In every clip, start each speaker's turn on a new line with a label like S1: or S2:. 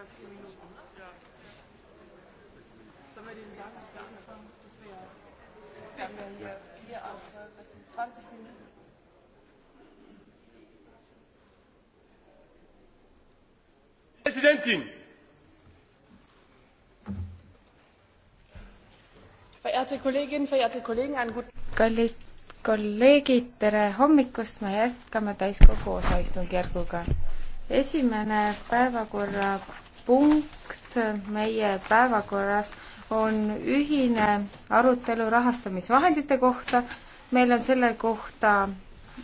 S1: jeweils vier Minuten. Ja. Sollen wir denen sagen, dass wir anfangen? Das wäre ja. Wir haben ja hier 4, 8, 12, 16, 20 Minuten. Präsidentin! Verehrte Kolleginnen, verehrte Kollegen, einen guten
S2: Kallid kolleegid, tere hommikust, me jätkame täiskogu osaistungjärguga. esimene päevakorra punkt meie päevakorras on ühine arutelu rahastamisvahendite kohta. meil on selle kohta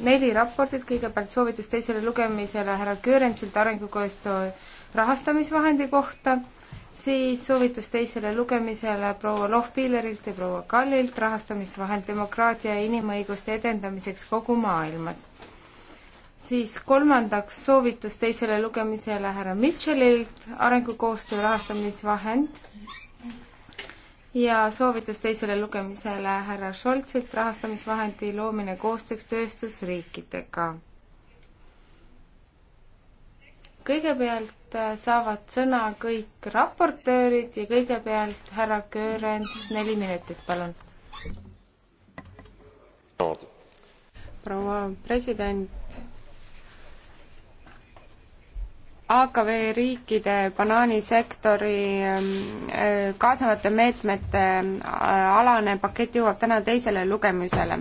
S2: neli raportit, kõigepealt soovitus teisele lugemisele härra Kööremsilt arengukoostöö rahastamisvahendi kohta, siis soovitus teisele lugemisele proua Lohpillerilt ja proua Kallilt rahastamisvahend demokraatia ja inimõiguste edendamiseks kogu maailmas siis kolmandaks soovitus teisele lugemisele härra Mitchellilt, arengukoostöö rahastamisvahend. ja soovitus teisele lugemisele härra Scholzilt, rahastamisvahendi loomine koostööks tööstusriikidega. kõigepealt äh, saavad sõna kõik raportöörid ja kõigepealt härra
S3: Köörents,
S1: neli minutit, palun. proua president AKV riikide banaanisektori ähm, äh, kaasavate meetmete äh, alane pakett jõuab täna teisele lugemisele.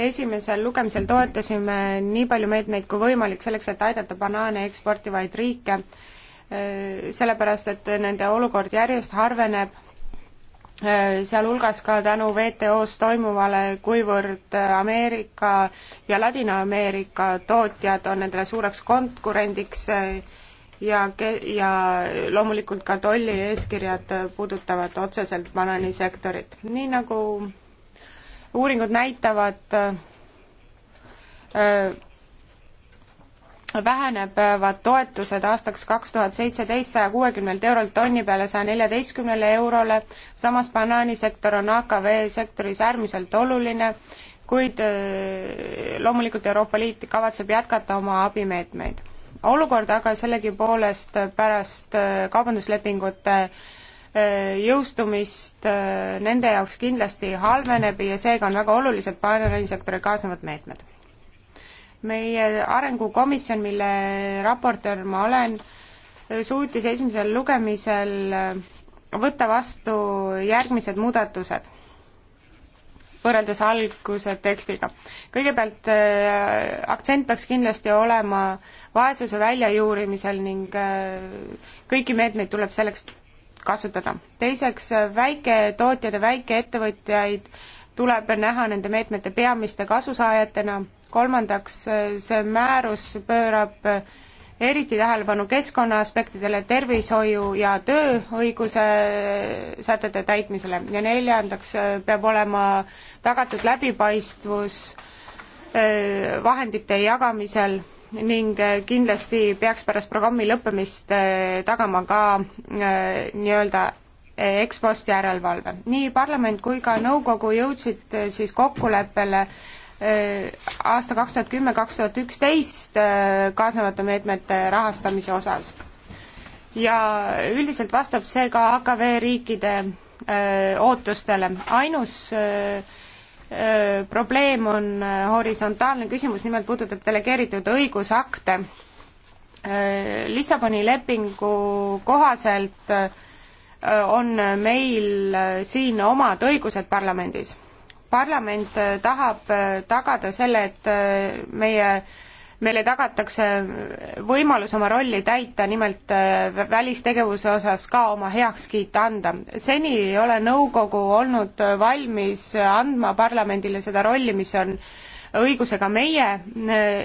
S1: esimesel lugemisel toetasime nii palju meetmeid kui võimalik selleks, et aidata banaane eksportivaid riike, äh, sellepärast et nende olukord järjest harveneb sealhulgas ka tänu WTO-s toimuvale, kuivõrd Ameerika ja Ladina-Ameerika tootjad on nendele suureks konkurendiks ja, ja loomulikult ka tollieeskirjad puudutavad otseselt bananisektorit. nii nagu uuringud näitavad, äh, vähenevad toetused aastaks kaks tuhat seitseteist saja kuuekümnelt eurolt tonni peale saja neljateistkümnele eurole, samas banaanisektor on AKV sektoris äärmiselt oluline, kuid äh, loomulikult Euroopa Liit kavatseb jätkata oma abimeetmeid olukord, aga sellegipoolest pärast äh, kaubanduslepingute äh, jõustumist äh, nende jaoks kindlasti halveneb ja seega on väga olulised panelisektori kaasnevad meetmed. meie arengukomisjon, mille raportöör ma olen, suutis esimesel lugemisel võtta vastu järgmised muudatused võrreldes alguse tekstiga. kõigepealt äh, aktsent peaks kindlasti olema vaesuse väljajuurimisel ning äh, kõiki meetmeid tuleb selleks kasutada. teiseks, äh, väiketootjad ja väikeettevõtjaid tuleb näha nende meetmete peamiste kasusaajatena, kolmandaks, äh, see määrus pöörab äh, eriti tähelepanu keskkonnaaspektidele, tervishoiu ja tööõiguse sätete täitmisele ja neljandaks äh, peab olema tagatud läbipaistvus äh, vahendite jagamisel ning äh, kindlasti peaks pärast programmi lõppemist tagama ka nii-öelda ekspost järelevalve. nii parlament kui ka nõukogu jõudsid siis kokkuleppele aasta kaks tuhat kümme, kaks tuhat üksteist äh, kaasnevate meetmete rahastamise osas. ja üldiselt vastab see ka AKV riikide äh, ootustele, ainus öö, äh, probleem on horisontaalne küsimus, nimelt puudutab delegeeritud õigusakte. Lissaboni lepingu kohaselt on meil siin omad õigused parlamendis parlament äh, tahab äh, tagada selle, et äh, meie, meile tagatakse võimalus oma rolli täita, nimelt välistegevuse osas ka oma heakskiit anda. seni ei ole nõukogu olnud valmis andma parlamendile seda rolli, mis on õigusega meie,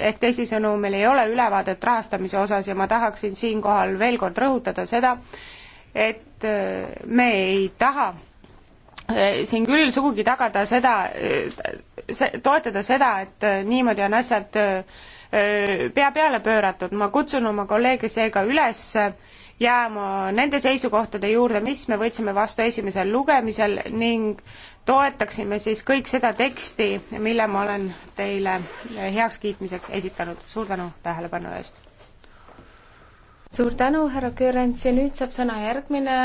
S1: ehk teisisõnu, meil ei ole ülevaadet rahastamise osas ja ma tahaksin siinkohal veel kord rõhutada seda, et me ei taha Eh, siin küll sugugi tagada seda, eh, toetada seda, et eh, niimoodi on asjad pea peale pööratud, ma kutsun oma kolleege seega üles jääma nende seisukohtade juurde, mis me võtsime vastu esimesel lugemisel ning toetaksime siis kõik seda teksti, mille ma olen teile heakskiitmiseks esitanud. suur tänu tähelepanu eest!
S2: suur tänu, härra Köörents ja nüüd saab sõna järgmine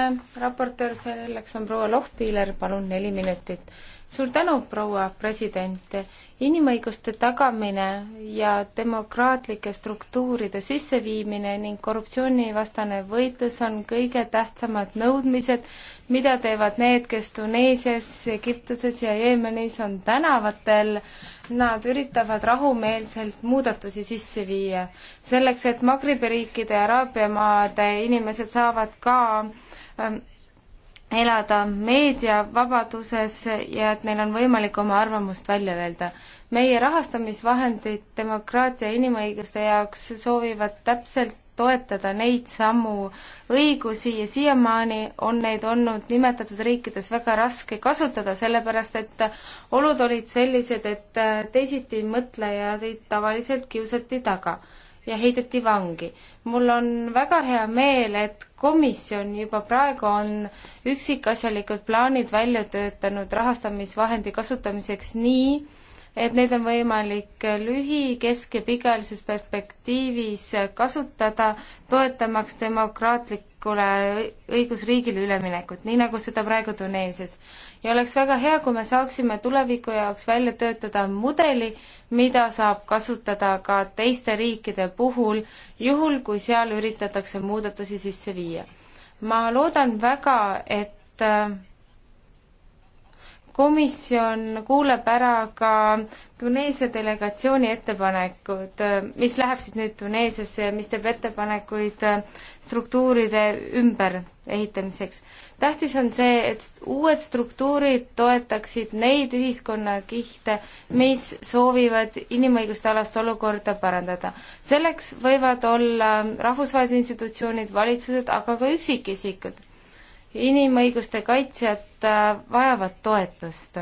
S2: raportöör, selleks on proua Lohpiiler, palun neli minutit suur tänu, proua president. inimõiguste tagamine ja demokraatlike struktuuride sisseviimine ning korruptsioonivastane võitlus on kõige tähtsamad nõudmised, mida teevad need, kes Tuneesias, Egiptuses ja Jeemenis on tänavatel. Nad üritavad rahumeelselt muudatusi sisse viia, selleks et Magribi riikide ja Araabia maade inimesed saavad ka ähm, elada meediavabaduses ja et neil on võimalik oma arvamust välja öelda. meie rahastamisvahendid demokraatia ja inimõiguste jaoks soovivad täpselt toetada neid samu õigusi ja siiamaani on neid olnud nimetatud riikides väga raske kasutada, sellepärast et olud olid sellised, et teisiti mõtlejaid tavaliselt kiusati taga ja heideti vangi. mul on väga hea meel, et komisjon juba praegu on üksikasjalikud plaanid välja töötanud rahastamisvahendi kasutamiseks nii, et neid on võimalik lühi-, kesk- ja pikaajalises perspektiivis kasutada, toetamaks demokraatlik-, üleminekule, õigusriigile üleminekut, nii nagu seda praegu Tuneesias. ja oleks väga hea, kui me saaksime tuleviku jaoks välja töötada mudeli, mida saab kasutada ka teiste riikide puhul, juhul kui seal üritatakse muudatusi sisse viia. ma loodan väga, et äh, komisjon kuuleb ära ka Tuneesia delegatsiooni ettepanekud, mis läheb siis nüüd Tuneesiasse ja mis teeb ettepanekuid struktuuride ümberehitamiseks. tähtis on see, et uued struktuurid toetaksid neid ühiskonnakihte, mis soovivad inimõiguste alast olukorda parandada. selleks võivad olla rahvusvahelised institutsioonid, valitsused, aga ka üksikisikud inimõiguste kaitsjad äh, vajavad toetust.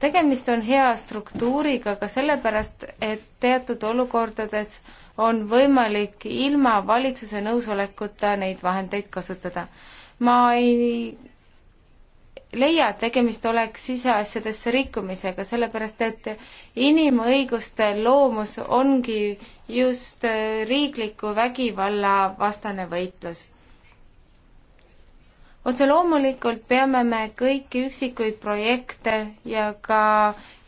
S2: tegemist on hea struktuuriga ka sellepärast, et teatud olukordades on võimalik ilma valitsuse nõusolekuta neid vahendeid kasutada. ma ei leia, et tegemist oleks siseasjadesse rikkumisega, sellepärast et inimõiguste loomus ongi just äh, riikliku vägivalla vastane võitlus otse loomulikult peame me kõiki üksikuid projekte ja ka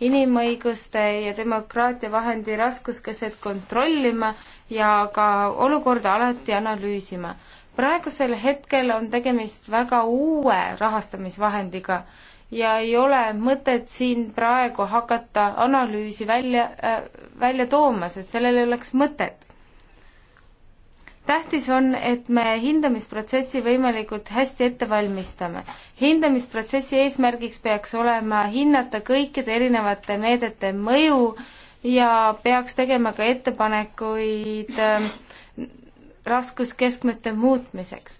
S2: inimõiguste ja demokraatia vahendi raskuskeset kontrollima ja ka olukorda alati analüüsima. praegusel hetkel on tegemist väga uue rahastamisvahendiga ja ei ole mõtet siin praegu hakata analüüsi välja äh,, välja tooma, sest sellel ei oleks mõtet tähtis on, et me hindamisprotsessi võimalikult hästi ette valmistame. hindamisprotsessi eesmärgiks peaks olema hinnata kõikide erinevate meedete mõju ja peaks tegema ka ettepanekuid ähm, raskuskeskmete muutmiseks.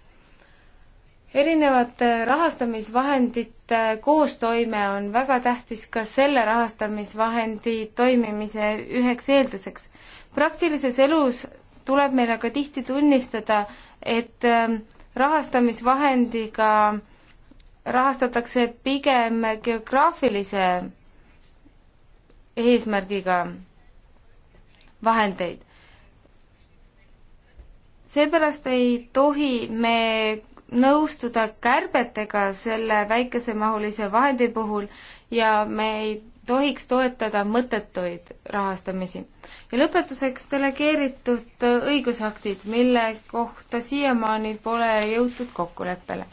S2: erinevate rahastamisvahendite koostoime on väga tähtis ka selle rahastamisvahendi toimimise üheks eelduseks. praktilises elus tuleb meil aga tihti tunnistada, et ähm, rahastamisvahendiga rahastatakse pigem geograafilise eesmärgiga vahendeid. seepärast ei tohi me nõustuda kärbetega selle väikesemahulise vahendi puhul ja me ei tohiks toetada mõttetuid rahastamisi. ja lõpetuseks delegeeritud õigusaktid, mille kohta siiamaani pole jõutud kokkuleppele.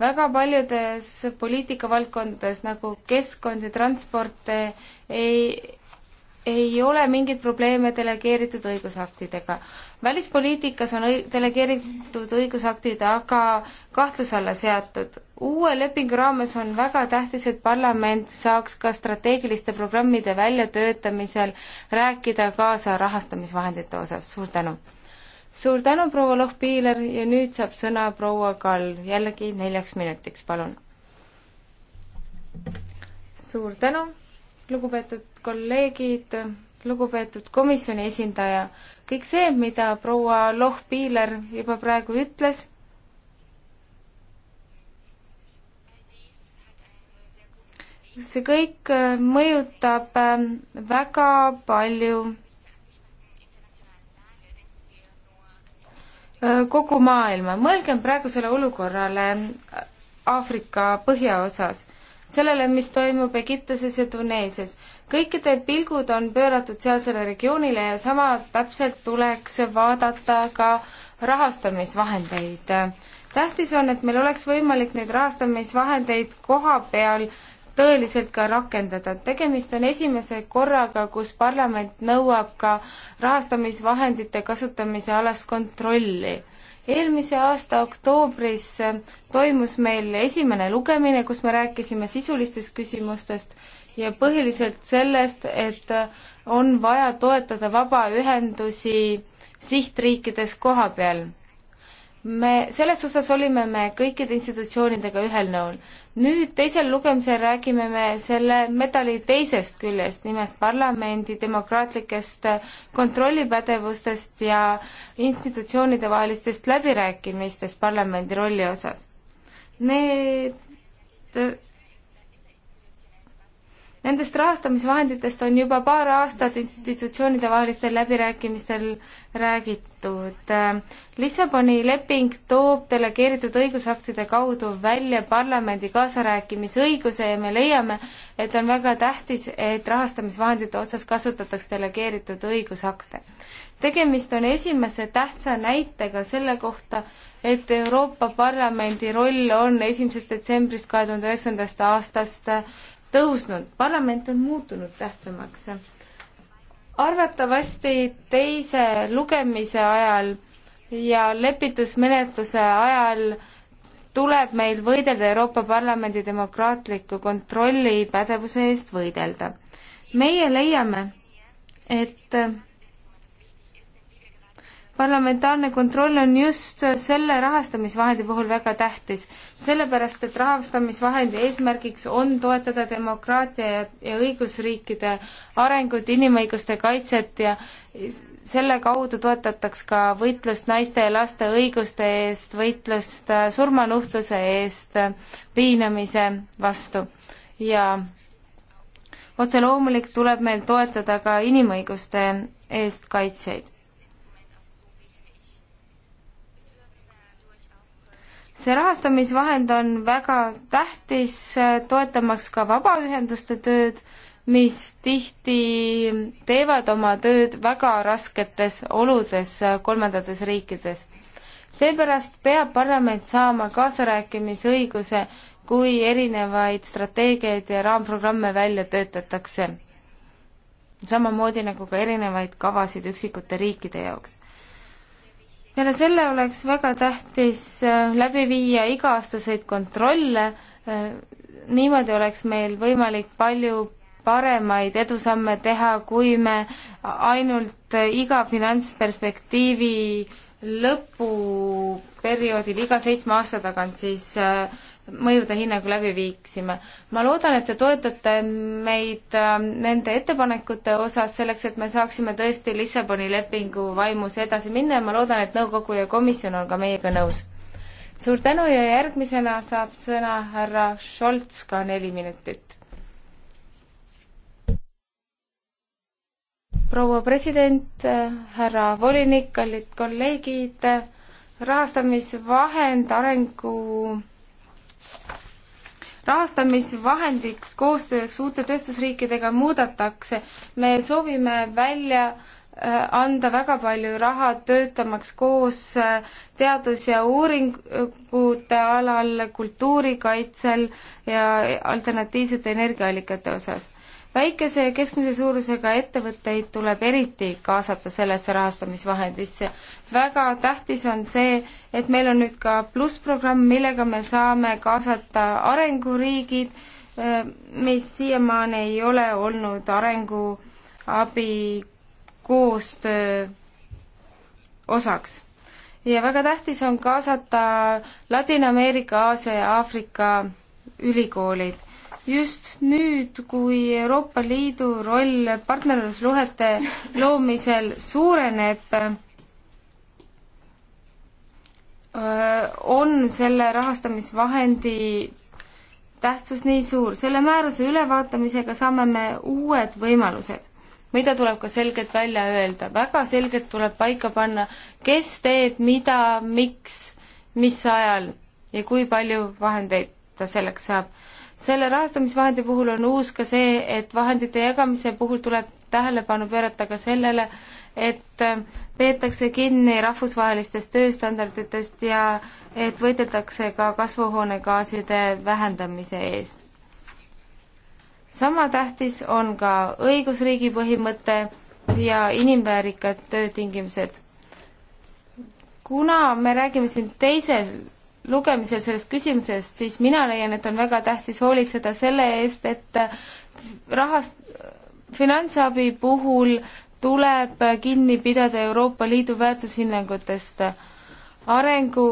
S2: väga paljudes poliitikavaldkondades nagu keskkond ja transport ei, ei ole mingeid probleeme delegeeritud õigusaktidega. välispoliitikas on delegeeritud õigusaktid aga kahtluse alla seatud uue lepingu raames on väga tähtis, et parlament saaks ka strateegiliste programmide väljatöötamisel rääkida kaasa rahastamisvahendite osas, suur tänu! suur tänu, proua Lohpiiler ja nüüd saab sõna proua Kall, jällegi neljaks minutiks, palun! suur tänu, lugupeetud kolleegid, lugupeetud komisjoni esindaja, kõik see, mida proua Lohpiiler juba praegu ütles see kõik äh, mõjutab ähm, väga palju äh, kogu maailma. mõelgem praegusele olukorrale äh, Aafrika põhjaosas, sellele, mis toimub Egiptuses ja Tuneesias. kõikide pilgud on pööratud sealsele regioonile ja sama täpselt tuleks vaadata ka rahastamisvahendeid. tähtis on, et meil oleks võimalik neid rahastamisvahendeid koha peal äh, tõeliselt ka rakendada. tegemist on esimese korraga, kus parlament nõuab ka rahastamisvahendite kasutamise alast kontrolli. eelmise aasta oktoobris toimus meil esimene lugemine, kus me rääkisime sisulistest küsimustest ja põhiliselt sellest, et on vaja toetada vabaühendusi sihtriikides koha peal me, selles osas olime me kõikide institutsioonidega ühel nõul. nüüd teisel lugemisel räägime me selle medali teisest küljest, nimelt parlamendi demokraatlikest kontrollipädevustest ja institutsioonide vahelistest läbirääkimistest parlamendi rolli osas. Need Nendest rahastamisvahenditest on juba paar aastat institutsioonide vahelistel läbirääkimistel räägitud. Lissaboni leping toob delegeeritud õigusaktide kaudu välja parlamendi kaasarääkimisõiguse ja me leiame, et on väga tähtis, et rahastamisvahendite osas kasutatakse delegeeritud õigusakte. tegemist on esimese tähtsa näitega selle kohta, et Euroopa Parlamendi roll on esimesest detsembrist kahe tuhande üheksandast aastast tõusnud, parlament on muutunud tähtsamaks. arvatavasti teise lugemise ajal ja lepitusmenetluse ajal tuleb meil võidelda Euroopa Parlamendi demokraatliku kontrolli pädevuse eest võidelda. meie leiame, et parlamentaarne kontroll on just selle rahastamisvahendi puhul väga tähtis, sellepärast et rahastamisvahendi eesmärgiks on toetada demokraatia ja, ja õigusriikide arengut, inimõiguste kaitset ja selle kaudu toetataks ka võitlust naiste ja laste õiguste eest, võitlust äh, surmanuhtluse eest, äh, piinamise vastu ja otse loomulik tuleb meil toetada ka inimõiguste eest kaitsjaid see rahastamisvahend on väga tähtis, äh, toetamaks ka vabaühenduste tööd, mis tihti teevad oma tööd väga rasketes oludes äh, kolmandates riikides. seepärast peab parlament saama kaasarääkimisõiguse, kui erinevaid strateegiaid ja raamprogramme välja töötatakse. samamoodi nagu ka erinevaid kavasid üksikute riikide jaoks peale selle oleks väga tähtis äh, läbi viia iga-aastaseid kontrolle, äh, niimoodi oleks meil võimalik palju paremaid edusamme teha, kui me ainult äh, iga finantsperspektiivi lõpuperioodil iga seitsme aasta tagant siis mõjude hinnangu läbi viiksime. ma loodan, et te toetate meid äh, nende ettepanekute osas selleks, et me saaksime tõesti Lissaboni lepingu vaimus edasi minna ja ma loodan, et nõukogu ja komisjon on ka meiega nõus. suur tänu ja järgmisena saab sõna härra Scholz ka neli minutit. proua president, härra volinik, kallid kolleegid, rahastamisvahend arengu rahastamisvahendiks koostööks uute tööstusriikidega muudetakse. me soovime välja Äh, anda väga palju raha töötamaks koos äh, teadus- ja uuringute alal, kultuurikaitsel ja alternatiivsete energiaallikate osas. väikese ja keskmise suurusega ettevõtteid tuleb eriti kaasata sellesse rahastamisvahendisse. väga tähtis on see, et meil on nüüd ka plussprogramm, millega me saame kaasata arenguriigid, äh, mis siiamaani ei ole olnud arenguabi koostöö osaks. ja väga tähtis on kaasata Ladina-Ameerika, Aasia ja Aafrika ülikoolid. just nüüd, kui Euroopa Liidu roll partnerlussuhete loomisel suureneb, on selle rahastamisvahendi tähtsus nii suur. selle määruse ülevaatamisega saame me uued võimalused mida tuleb ka selgelt välja öelda, väga selgelt tuleb paika panna, kes teeb mida, miks, mis ajal ja kui palju vahendeid ta selleks saab. selle rahastamisvahendi puhul on uus ka see, et vahendite jagamise puhul tuleb tähelepanu pöörata ka sellele, et äh, peetakse kinni rahvusvahelistest tööstandarditest ja et võideldakse ka kasvuhoonegaaside vähendamise eest sama tähtis on ka õigusriigi põhimõte ja inimväärikad töötingimused. kuna me räägime siin teisel lugemisel sellest küsimusest, siis mina leian, et on väga tähtis hoolitseda selle eest, et rahast, finantsabi puhul tuleb kinni pidada Euroopa Liidu väärtushinnangutest. arengu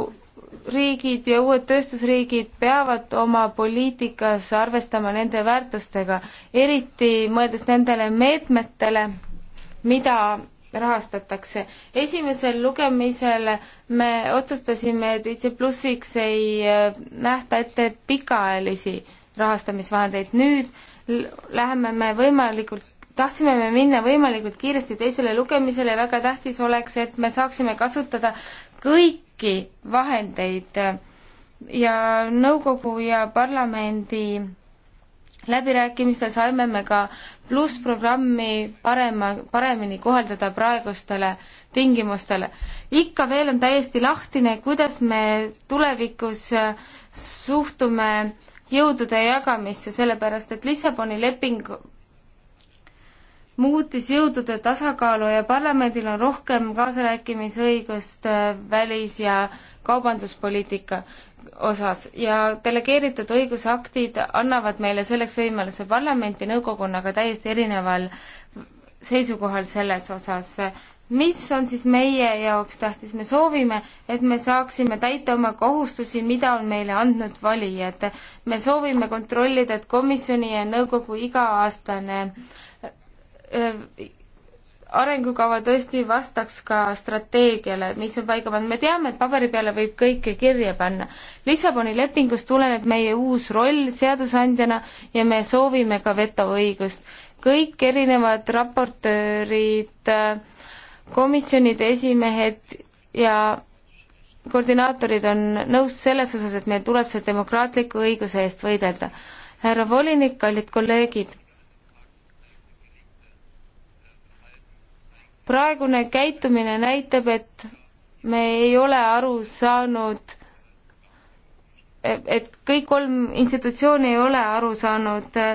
S2: riigid ja uued tööstusriigid peavad oma poliitikas arvestama nende väärtustega, eriti mõeldes nendele meetmetele, mida rahastatakse. esimesel lugemisel me otsustasime, et IC plussiks ei äh, nähta ette pikaajalisi rahastamisvahendeid, nüüd läheme me võimalikult tahtsime me minna võimalikult kiiresti teisele lugemisele ja väga tähtis oleks, et me saaksime kasutada kõiki vahendeid ja nõukogu ja parlamendi läbirääkimistel saime me ka plussprogrammi parema, paremini kohaldada praegustele tingimustele. ikka veel on täiesti lahtine, kuidas me tulevikus suhtume jõudude jagamisse, sellepärast et Lissaboni leping muutis jõudude tasakaalu ja parlamendil on rohkem kaasarääkimisõigust äh, välis- ja kaubanduspoliitika osas ja delegeeritud õigusaktid annavad meile selleks võimaluse. parlament ja nõukogu on aga täiesti erineval seisukohal selles osas. mis on siis meie jaoks tähtis? me soovime, et me saaksime täita oma kohustusi, mida on meile andnud valijad. me soovime kontrollida, et komisjoni ja nõukogu iga-aastane äh, arengukava tõesti vastaks ka strateegiale, mis on paika pandud, me teame, et paberi peale võib kõike kirja panna. Lissaboni lepingust tuleneb meie uus roll seadusandjana ja me soovime ka vetoõigust. kõik erinevad raportöörid, komisjonide esimehed ja koordinaatorid on nõus selles osas, et meil tuleb see demokraatliku õiguse eest võidelda. härra volinik, kallid kolleegid, praegune käitumine näitab, et me ei ole aru saanud, et kõik kolm institutsiooni ei ole aru saanud äh,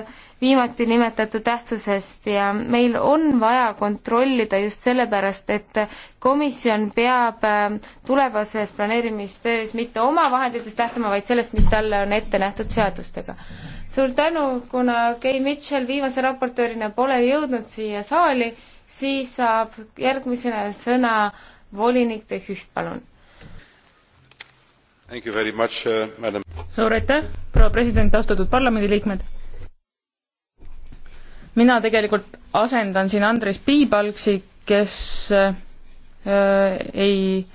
S2: viimati nimetatud tähtsusest ja meil on vaja kontrollida just sellepärast, et komisjon peab äh, tulevases planeerimistöös mitte oma vahenditest lähtuma, vaid sellest, mis talle on ette nähtud seadustega. suur tänu, kuna Kay Mitchell viimase raportöörina pole jõudnud siia saali siis saab järgmisena sõna volinik De Hüht, palun.
S1: Uh, suur
S3: aitäh, proua president, austatud parlamendiliikmed. mina tegelikult asendan siin Andres Piibalksi, kes äh, äh, ei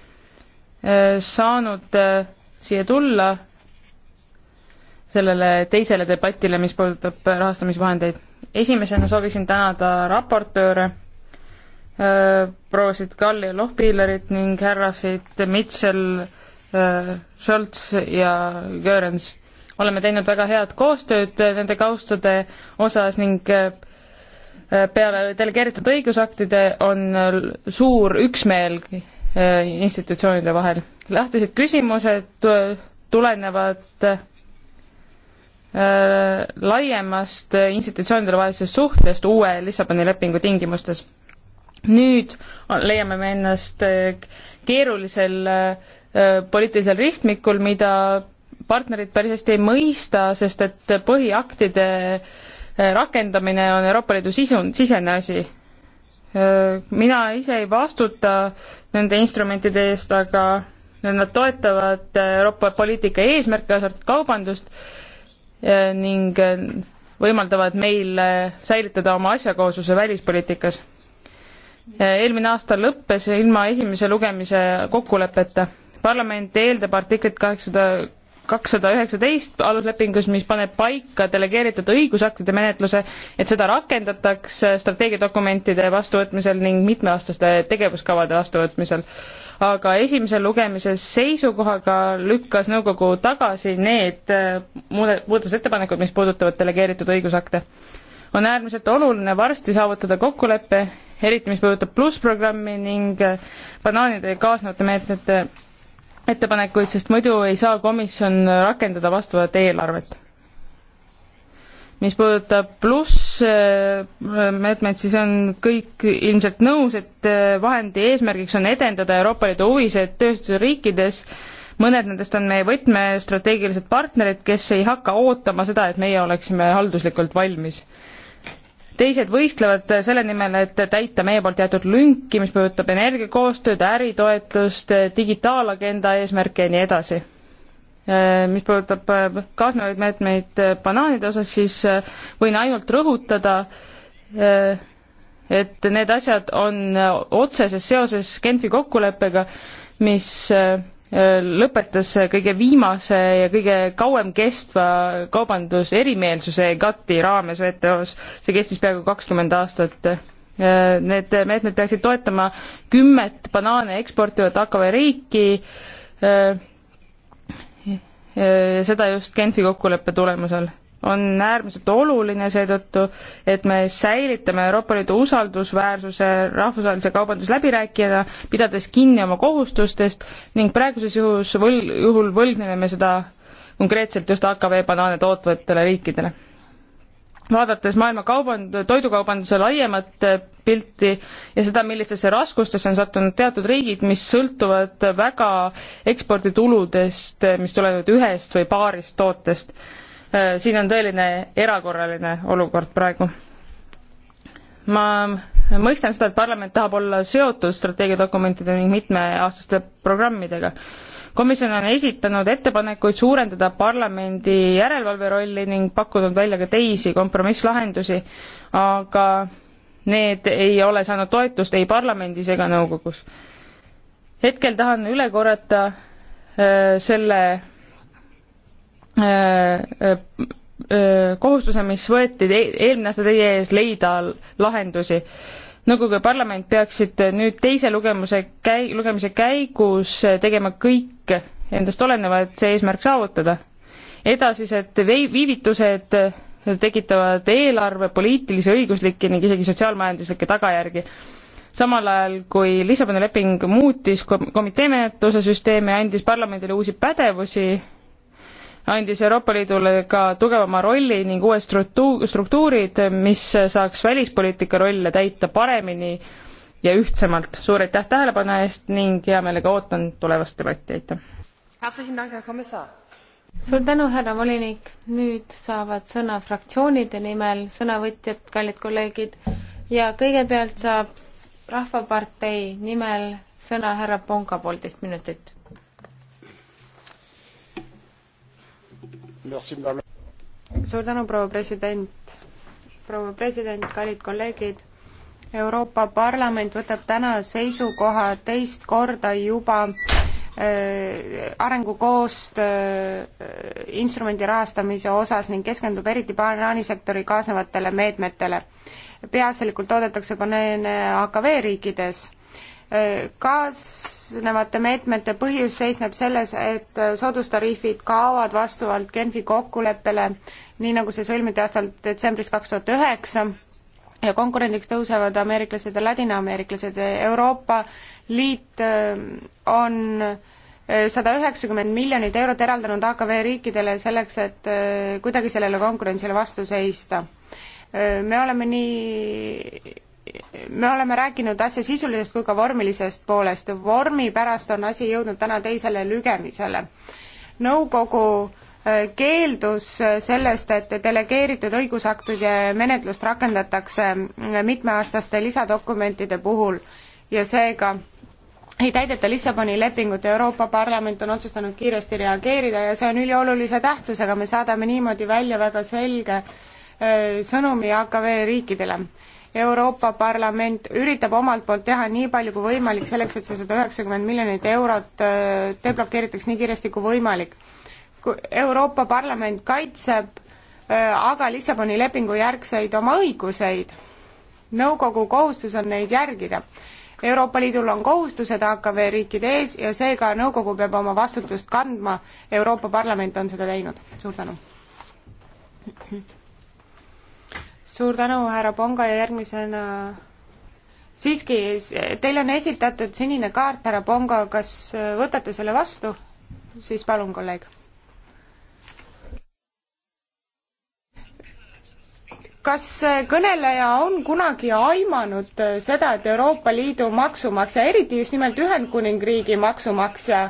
S3: äh, saanud äh, siia tulla sellele teisele debatile, mis puudutab rahastamisvahendeid. esimesena sooviksin tänada raportööre Äh, proovisid Kalli ja Lohpillerit ning härrasid Mitchell, äh, Schultz ja Görens. oleme teinud väga head koostööd äh, nende kaustade osas ning peale delegeeritud õigusaktide on suur üksmeel institutsioonide vahel. lähtised küsimused tulenevad laiemast institutsioonide vahelisest suhtest uue Lissaboni lepingu tingimustes nüüd leiame me ennast eh, keerulisel eh, poliitilisel ristmikul, mida partnerid päris hästi ei mõista, sest et põhiaktide eh, rakendamine on Euroopa Liidu sisu, sisene asi. mina ise ei vastuta nende instrumentide eest, aga nad toetavad Euroopa poliitika eesmärke, kaasa arvatud kaubandust ning võimaldavad meil säilitada oma asjakohasuse välispoliitikas eelmine aasta lõppes ilma esimese lugemise kokkuleppeta. parlament eeldab artiklit kaheksasada kakssada üheksateist aluslepingus, mis paneb paika delegeeritud õigusaktide menetluse, et seda rakendataks strateegiadokumentide vastuvõtmisel ning mitmeaastaste tegevuskavade vastuvõtmisel. aga esimesel lugemisel seisukohaga lükkas nõukogu tagasi need äh, muudatusettepanekud, mis puudutavad delegeeritud õigusakte on äärmiselt oluline varsti saavutada kokkulepe, eriti mis puudutab plussprogrammi ning äh, banaanidega kaasnevate meetmete ettepanekuid, sest muidu ei saa komisjon rakendada vastavat eelarvet. mis puudutab plussmeetmeid, äh, siis on kõik ilmselt nõus, et äh, vahendi eesmärgiks on edendada Euroopa Liidu huvisid tööstusriikides, mõned nendest on meie võtmestrateegilised partnerid, kes ei hakka ootama seda, et meie oleksime halduslikult valmis teised võistlevad selle nimel, et täita meie poolt jäetud lünki, mis puudutab energiakoostööd, äritoetust, digitaalagenda eesmärke ja nii edasi. Äh, mis puudutab äh, kaasnevaid meetmeid äh, banaanide osas, siis võin ainult rõhutada, et need asjad on otseses seoses Genfi kokkuleppega, mis lõpetas kõige viimase ja kõige kauem kestva kaubanduserimeelsuse GATT-i raames WTO-s. see kestis peaaegu kakskümmend aastat. Need meetmed peaksid toetama kümmet banaane eksportivat AKV riiki, seda just Genfi kokkuleppe tulemusel on äärmiselt oluline seetõttu, et me säilitame Euroopa Liidu usaldusväärsuse rahvusvahelise kaubandusläbirääkijana, pidades kinni oma kohustustest ning praeguses juhus võl-, juhul võlgneme me seda konkreetselt just AKV banaane tootvatele riikidele. vaadates maailma kauband-, toidukaubanduse laiemat eh, pilti ja seda, millistesse raskustesse on sattunud teatud riigid, mis sõltuvad väga ekspordituludest, eh, mis tulevad ühest või paarist tootest Äh, siin on tõeline erakorraline olukord praegu. ma mõistan seda, et parlament tahab olla seotud strateegiadokumentide ning mitmeaastaste programmidega. komisjon on esitanud ettepanekuid suurendada parlamendi järelevalve rolli ning pakkunud välja ka teisi kompromisslahendusi, aga need ei ole saanud toetust ei parlamendis ega nõukogus. hetkel tahan üle korrata äh, selle Äh, äh, äh, kohustuse, mis võeti eelmine aasta teie ees leida lahendusi. nõukogu ja parlament peaksid nüüd teise lugemuse käi-, lugemise käigus tegema kõik endast oleneva, et see eesmärk saavutada. edasised vei-, viivitused tekitavad eelarve, poliitilisi, õiguslikke ning isegi sotsiaalmajanduslikke tagajärgi samal ajal kui Lissaboni leping muutis komitee menetluse süsteemi, andis parlamendile uusi pädevusi andis Euroopa Liidule ka tugevama rolli ning uued struktu-, struktuurid, mis saaks välispoliitika rolle täita paremini ja ühtsemalt. suur aitäh tähelepanu eest ning hea meelega ootan tulevast debatti, aitäh!
S2: suur tänu, härra volinik, nüüd saavad sõna fraktsioonide nimel sõnavõtjad, kallid kolleegid, ja kõigepealt saab Rahvapartei nimel sõna härra Ponga poolteist minutit
S1: suur tänu, proua president. proua president, kallid kolleegid. Euroopa Parlament võtab täna seisukoha teist korda juba äh, arengukoostöö äh, instrumendi rahastamise osas ning keskendub eriti banaanisektori kaasnevatele meetmetele. peaasjalikult toodetakse banaane AKV riikides kaasnevate meetmete põhjus seisneb selles, et soodustariifid kaovad vastavalt Genfi kokkuleppele, nii nagu see sõlmiti aastal detsembris kaks tuhat üheksa, ja konkurendiks tõusevad ameeriklased ja ladinaameeriklased. Euroopa Liit äh, on äh, sada üheksakümmend miljonit eurot eraldanud AKV riikidele selleks, et äh, kuidagi sellele konkurentsile vastu seista. me oleme nii me oleme rääkinud asja sisulisest kui ka vormilisest poolest. vormi pärast on asi jõudnud täna teisele lügemisele. nõukogu äh, keeldus äh, sellest, et delegeeritud õigusaktide menetlust rakendatakse äh, mitmeaastaste lisadokumentide puhul ja seega ei täideta Lissaboni lepingut ja Euroopa Parlament on otsustanud kiiresti reageerida ja see on üliolulise tähtsusega, me saadame niimoodi välja väga selge sõnumi AKV riikidele Euroopa Parlament üritab omalt poolt teha nii palju kui võimalik selleks, et see sada üheksakümmend miljonit eurot äh, deblokeeritaks nii kiiresti kui võimalik. Euroopa Parlament kaitseb äh, aga Lissaboni lepingu järgseid oma õiguseid. nõukogu kohustus on neid järgida. Euroopa Liidul on kohustused AKV riikide ees ja seega nõukogu peab oma vastutust kandma. Euroopa Parlament on seda teinud. suur tänu suur tänu, härra Ponga ja järgmisena siiski, teile on esitatud sinine kaart, härra Ponga, kas võtate selle vastu? siis palun, kolleeg. kas kõneleja on kunagi aimanud seda, et Euroopa Liidu maksumaksja, eriti just nimelt Ühendkuningriigi maksumaksja,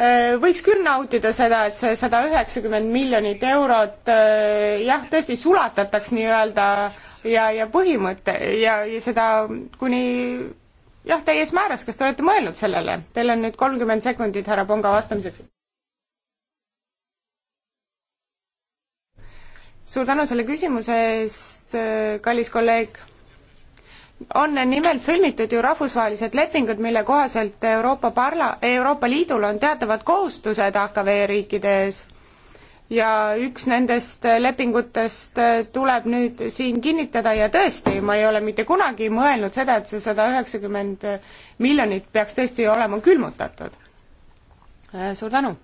S1: Äh, võiks küll nautida seda, et see sada üheksakümmend miljonit eurot äh, jah, tõesti sulatataks nii-öelda ja, ja põhimõte ja, ja seda kuni jah, täies määras, kas te olete mõelnud sellele? Teil on nüüd kolmkümmend sekundit härra Ponga vastamiseks. suur tänu selle küsimuse eest, äh, kallis kolleeg on nimelt sõlmitud ju rahvusvahelised lepingud, mille kohaselt Euroopa parla-, Euroopa Liidul on teatavad kohustused AKV riikide ees. ja üks nendest lepingutest tuleb nüüd siin kinnitada ja tõesti, ma ei ole mitte kunagi mõelnud seda, et see sada üheksakümmend miljonit peaks tõesti olema külmutatud. Äh, suur tänu!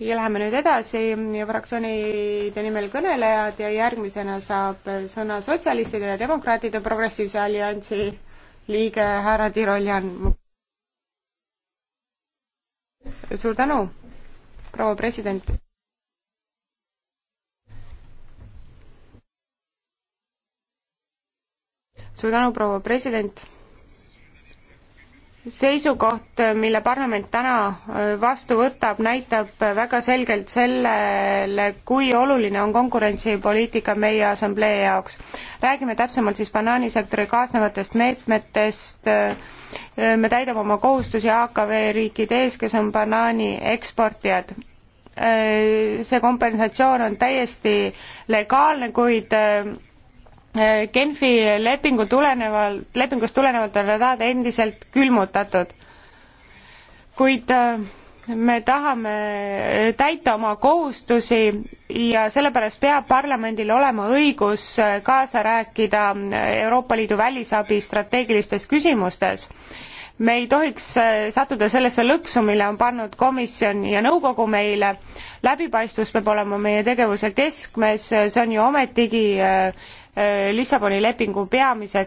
S1: ja läheme nüüd edasi, fraktsioonide nimel kõnelejad ja järgmisena saab sõna sotsialistide ja demokraatide progressiivse alliansi liige härra Tiroljan. suur tänu, proua president. suur tänu, proua president seisukoht, mille parlament täna äh, vastu võtab, näitab äh, väga selgelt sellele, kui oluline on konkurentsipoliitika meie assamblee jaoks. räägime täpsemalt siis banaanisektori kaasnevatest meetmetest, äh, me täidame oma kohustusi AKV riikide ees, kes on banaani eksportijad see kompensatsioon on täiesti legaalne, kuid Genfi lepingu tulenevalt, lepingust tulenevalt on radaad endiselt külmutatud. kuid äh, me tahame täita oma kohustusi ja sellepärast peab parlamendil olema õigus äh, kaasa rääkida äh, Euroopa Liidu välisabi strateegilistes küsimustes. me ei tohiks sattuda sellesse lõksu, mille on pannud komisjon ja nõukogu meile. läbipaistvus peab olema meie tegevuse keskmes, see on ju ometigi Äh, Lissaboni lepingu peamise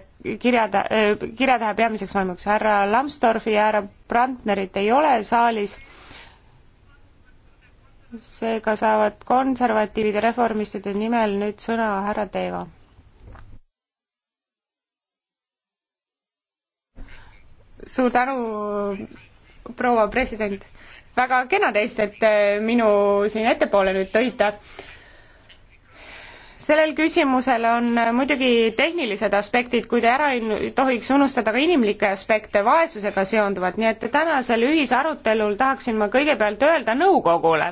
S1: kirjatä-, äh, kirjatähe peamiseks vaimuks. härra Lambsdorfi ja härra Brandnerit ei ole saalis, seega saavad konservatiivide reformistide nimel nüüd sõna härra Teeva. suur tänu, proua president. väga kena teist, et äh, minu siin ettepoole nüüd tõite sellel küsimusel on äh, muidugi tehnilised aspektid, kuid ära ei tohiks unustada ka inimlikke aspekte vaesusega seonduvat, nii et tänasel ühisarutelul tahaksin ma kõigepealt öelda nõukogule,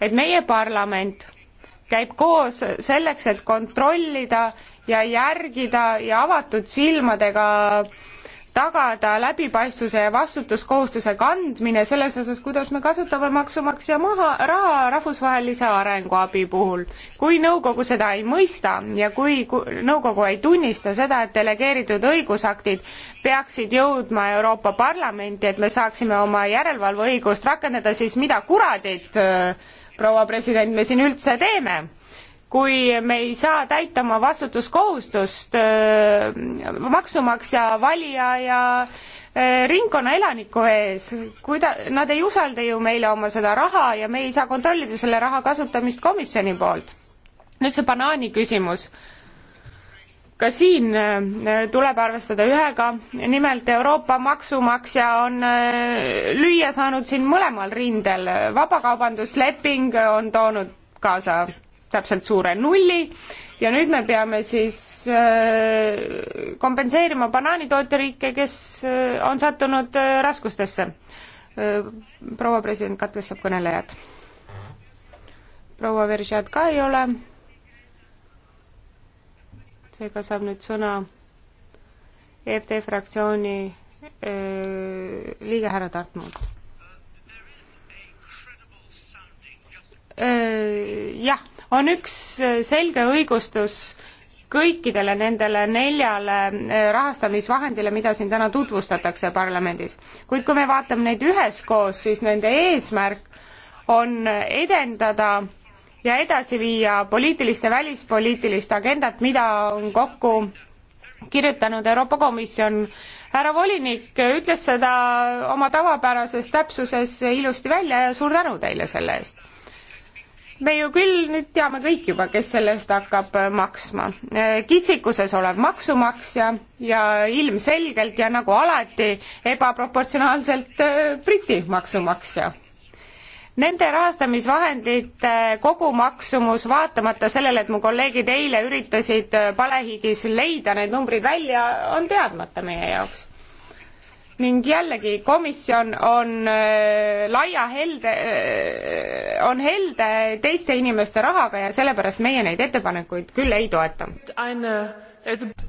S1: et meie parlament käib koos selleks, et kontrollida ja järgida ja avatud silmadega äh, tagada läbipaistvuse ja vastutuskohustuse kandmine selles osas, kuidas me kasutame maksumaksja maha, raha rahvusvahelise arenguabi puhul. kui nõukogu seda ei mõista ja kui nõukogu ei tunnista seda, et delegeeritud õigusaktid peaksid jõudma Euroopa Parlamenti, et me saaksime oma järelevalveõigust rakendada, siis mida kuradit äh, proua president, me siin üldse teeme? kui me ei saa täita oma vastutuskohustust äh, maksumaksja, valija ja äh, ringkonna elaniku ees, kui ta, nad ei usalda ju meile oma seda raha ja me ei saa kontrollida selle raha kasutamist komisjoni poolt. nüüd see banaani küsimus. ka siin äh, tuleb arvestada ühega, nimelt Euroopa maksumaksja on lüüa saanud siin mõlemal rindel, vabakaubandusleping on toonud kaasa täpselt suure nulli ja nüüd me peame siis äh, kompenseerima banaanitootjariike, kes äh, on sattunud äh, raskustesse. proua president katkestab kõnelejad. proua Veržat ka ei ole. seega saab nüüd sõna EFT fraktsiooni liige härra Tartmaalt. jah on üks äh, selge õigustus kõikidele nendele neljale äh, rahastamisvahendile, mida siin täna tutvustatakse parlamendis. kuid kui me vaatame neid üheskoos, siis nende eesmärk on edendada ja edasi viia poliitilist ja välispoliitilist agendat, mida on kokku kirjutanud Euroopa Komisjon. härra volinik ütles seda oma tavapärases täpsuses ilusti välja ja suur tänu teile selle eest me ju küll nüüd teame kõik juba, kes selle eest hakkab äh, maksma. Äh, kitsikuses olev maksumaksja ja ilmselgelt ja nagu alati ebaproportsionaalselt äh, Briti maksumaksja Nende rahastamisvahendite kogumaksumus, vaatamata sellele, et mu kolleegid eile üritasid palehigis leida need numbrid välja, on teadmata meie jaoks ning jällegi komisjon on äh, laia helde äh,, on helde teiste inimeste rahaga ja sellepärast meie neid ettepanekuid küll ei toeta.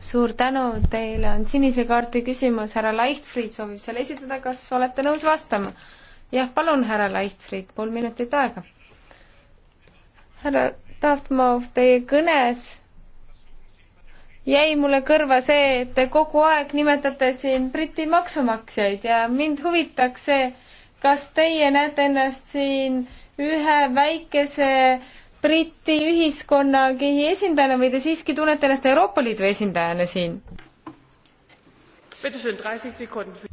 S2: suur tänu, teile on sinise kaarti küsimus, härra Leichtfried soovib selle esitada, kas olete nõus vastama? jah, palun, härra Leichtfried, pool minutit aega. härra Tahtmov, teie kõnes jäi mulle kõrva see, et te kogu aeg nimetate siin Briti maksumaksjaid ja mind huvitaks see, kas teie näete ennast siin ühe väikese Briti ühiskonnakihi esindajana või te siiski tunnete ennast Euroopa Liidu esindajana siin?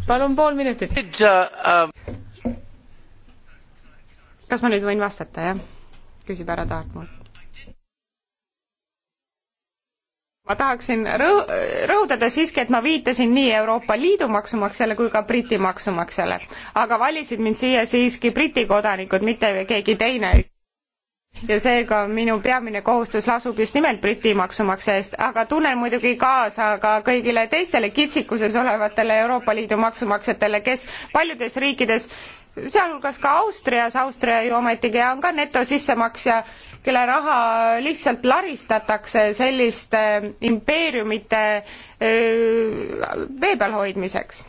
S3: palun pool minutit. Ähm,
S1: kas ma nüüd võin vastata, jah? küsib härra Taartmaa ma tahaksin rõh-, rõhutada siiski, et ma viitasin nii Euroopa Liidu maksumaksjale kui ka Briti maksumaksjale. aga valisid mind siia siiski Briti kodanikud, mitte keegi teine. ja seega minu peamine kohustus lasub just nimelt Briti maksumaksja eest, aga tunnen muidugi kaasa ka kõigile teistele kitsikuses olevatele Euroopa Liidu maksumaksjatele, kes paljudes riikides sealhulgas ka Austrias, Austria ju ometigi on ka netosissemaksja, kelle raha lihtsalt laristatakse selliste impeeriumite vee peal hoidmiseks.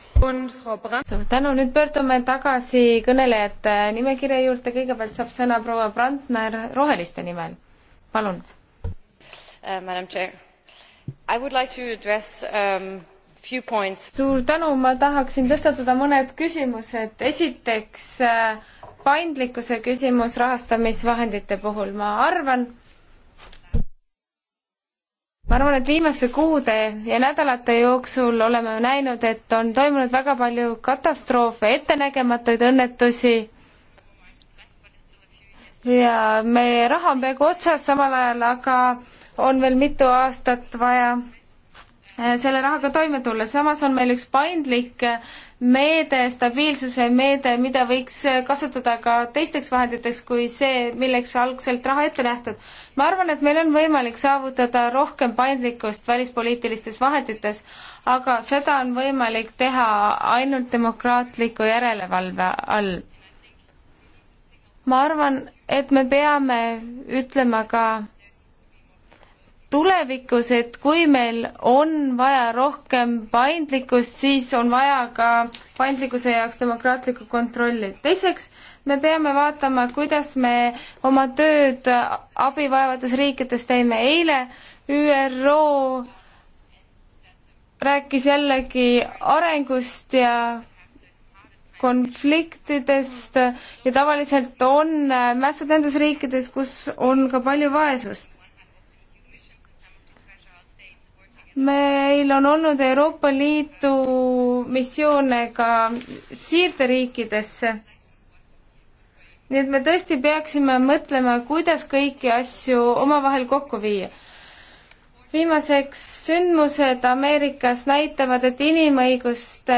S2: suur tänu, nüüd pöördume tagasi kõnelejate nimekirja juurde, kõigepealt saab sõna proua Brandner Roheliste nimel, palun uh,. Madam Chair, I would like to address um, suur tänu, ma tahaksin tõstatada mõned küsimused. esiteks äh, paindlikkuse küsimus rahastamisvahendite puhul, ma arvan, ma arvan, et viimaste kuude ja nädalate jooksul oleme näinud, et on toimunud väga palju katastroofe, ettenägematuid õnnetusi ja meie raha on peaaegu otsas, samal ajal aga on veel mitu aastat vaja Äh, selle rahaga toime tulla, samas on meil üks paindlik äh, meede, stabiilsuse meede, mida võiks äh, kasutada ka teisteks vahenditeks kui see, milleks algselt raha ette nähtud. ma arvan, et meil on võimalik saavutada rohkem paindlikkust välispoliitilistes vahendites, aga seda on võimalik teha ainult demokraatliku järelevalve all. ma arvan, et me peame ütlema ka tulevikus, et kui meil on vaja rohkem paindlikkust, siis on vaja ka paindlikkuse jaoks demokraatlikku kontrolli. teiseks, me peame vaatama, kuidas me oma tööd abi vaevates riikides teeme. eile ÜRO rääkis jällegi arengust ja konfliktidest ja tavaliselt on mässad nendes riikides, kus on ka palju vaesust meil on olnud Euroopa Liidu missioone ka siirderiikidesse. nii et me tõesti peaksime mõtlema, kuidas kõiki asju omavahel kokku viia. viimaseks sündmused Ameerikas näitavad, et inimõiguste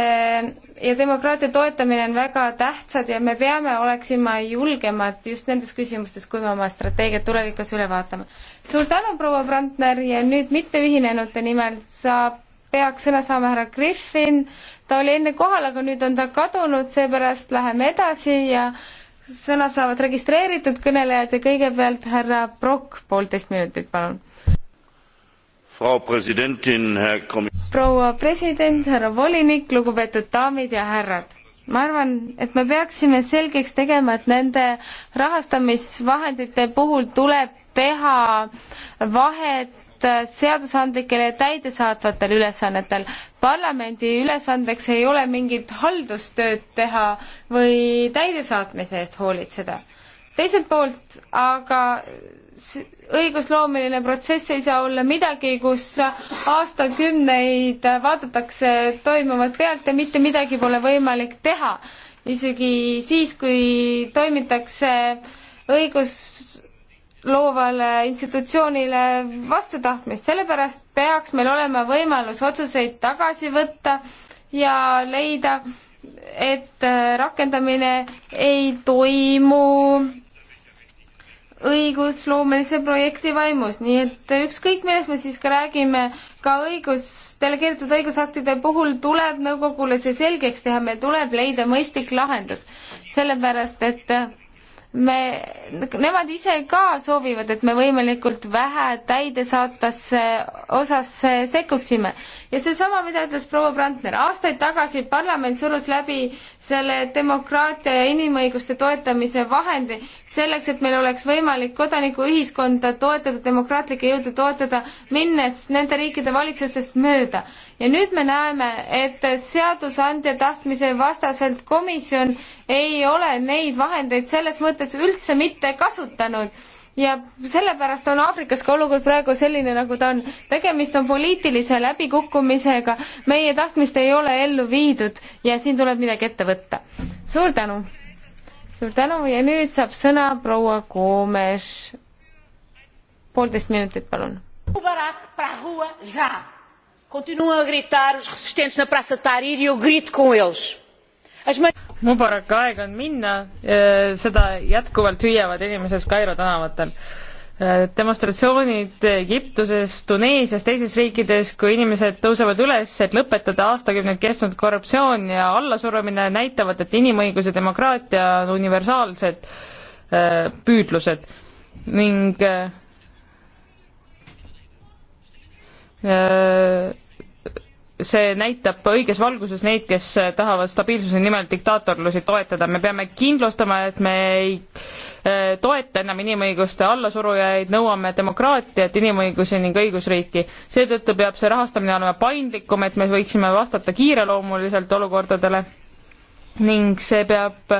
S2: ja demokraatia toetamine on väga tähtsad ja me peame oleksima julgemad just nendes küsimustes, kui me oma strateegiat tulevikus üle vaatame. suur tänu, proua Brandner ja nüüd mitteühinenute nimel saab, peaks sõna saama härra Griffin, ta oli enne kohal, aga nüüd on ta kadunud, seepärast läheme edasi ja sõna saavad registreeritud kõnelejad ja kõigepealt härra Brock, poolteist minutit, palun proua president, härra volinik, lugupeetud daamid ja härrad. ma arvan, et me peaksime selgeks tegema, et nende rahastamisvahendite puhul tuleb teha vahet seadusandlikel ja täidesaatvatel ülesannetel. parlamendi ülesandeks ei ole mingit haldustööd teha või täidesaatmise eest hoolitseda. teiselt poolt aga õigusloomeline protsess ei saa olla midagi, kus aastakümneid vaadatakse toimuvat pealt ja mitte midagi pole võimalik teha. isegi siis, kui toimitakse õigusloovale institutsioonile vastutahtmist, sellepärast peaks meil olema võimalus otsuseid tagasi võtta ja leida, et rakendamine ei toimu õigusloomelise projekti vaimus, nii et ükskõik, millest me siis ka räägime, ka õigus, delegeeritud õigusaktide puhul tuleb nõukogule see selgeks teha, meil tuleb leida mõistlik lahendus, sellepärast et me, nemad ise ka soovivad, et me võimalikult vähe täidesaatvasse osasse sekkuksime. ja seesama, mida ütles proua Brandner, aastaid tagasi parlament surus läbi selle demokraatia ja inimõiguste toetamise vahendi selleks, et meil oleks võimalik kodanikuühiskonda toetada, demokraatlikke jõude toetada, minnes nende riikide valitsustest mööda. ja nüüd me näeme, et seadusandja tahtmise vastaselt komisjon ei ole neid vahendeid selles mõttes üldse mitte kasutanud ja sellepärast on Aafrikas ka olukord praegu selline, nagu ta on. tegemist on poliitilise läbikukkumisega, meie tahtmist ei ole ellu viidud ja siin tuleb midagi ette võtta. suur tänu! suur tänu ja nüüd saab sõna proua Koomes. poolteist minutit, palun.
S3: Continuam a gritar os resistentes na Praça Tahrir e eu grito com eles Mubarak, aeg on minna, äh, seda jätkuvalt hüüavad inimesed Kairo tänavatel. Äh, demonstratsioonid Egiptuses, Tuneesias, teises riikides, kui inimesed tõusevad üles, et lõpetada aastakümneid kestnud korruptsioon ja allasurumine, näitavad, et inimõigus ja demokraatia on universaalsed äh, püüdlused ning äh, see näitab õiges valguses neid, kes tahavad stabiilsuse nimel diktaatorlusi toetada. me peame kindlustama, et me ei äh, toeta enam inimõiguste allasurujaid, nõuame demokraatiat, inimõigusi ning õigusriiki. seetõttu peab see rahastamine olema paindlikum, et me võiksime vastata kiireloomuliselt olukordadele ning see peab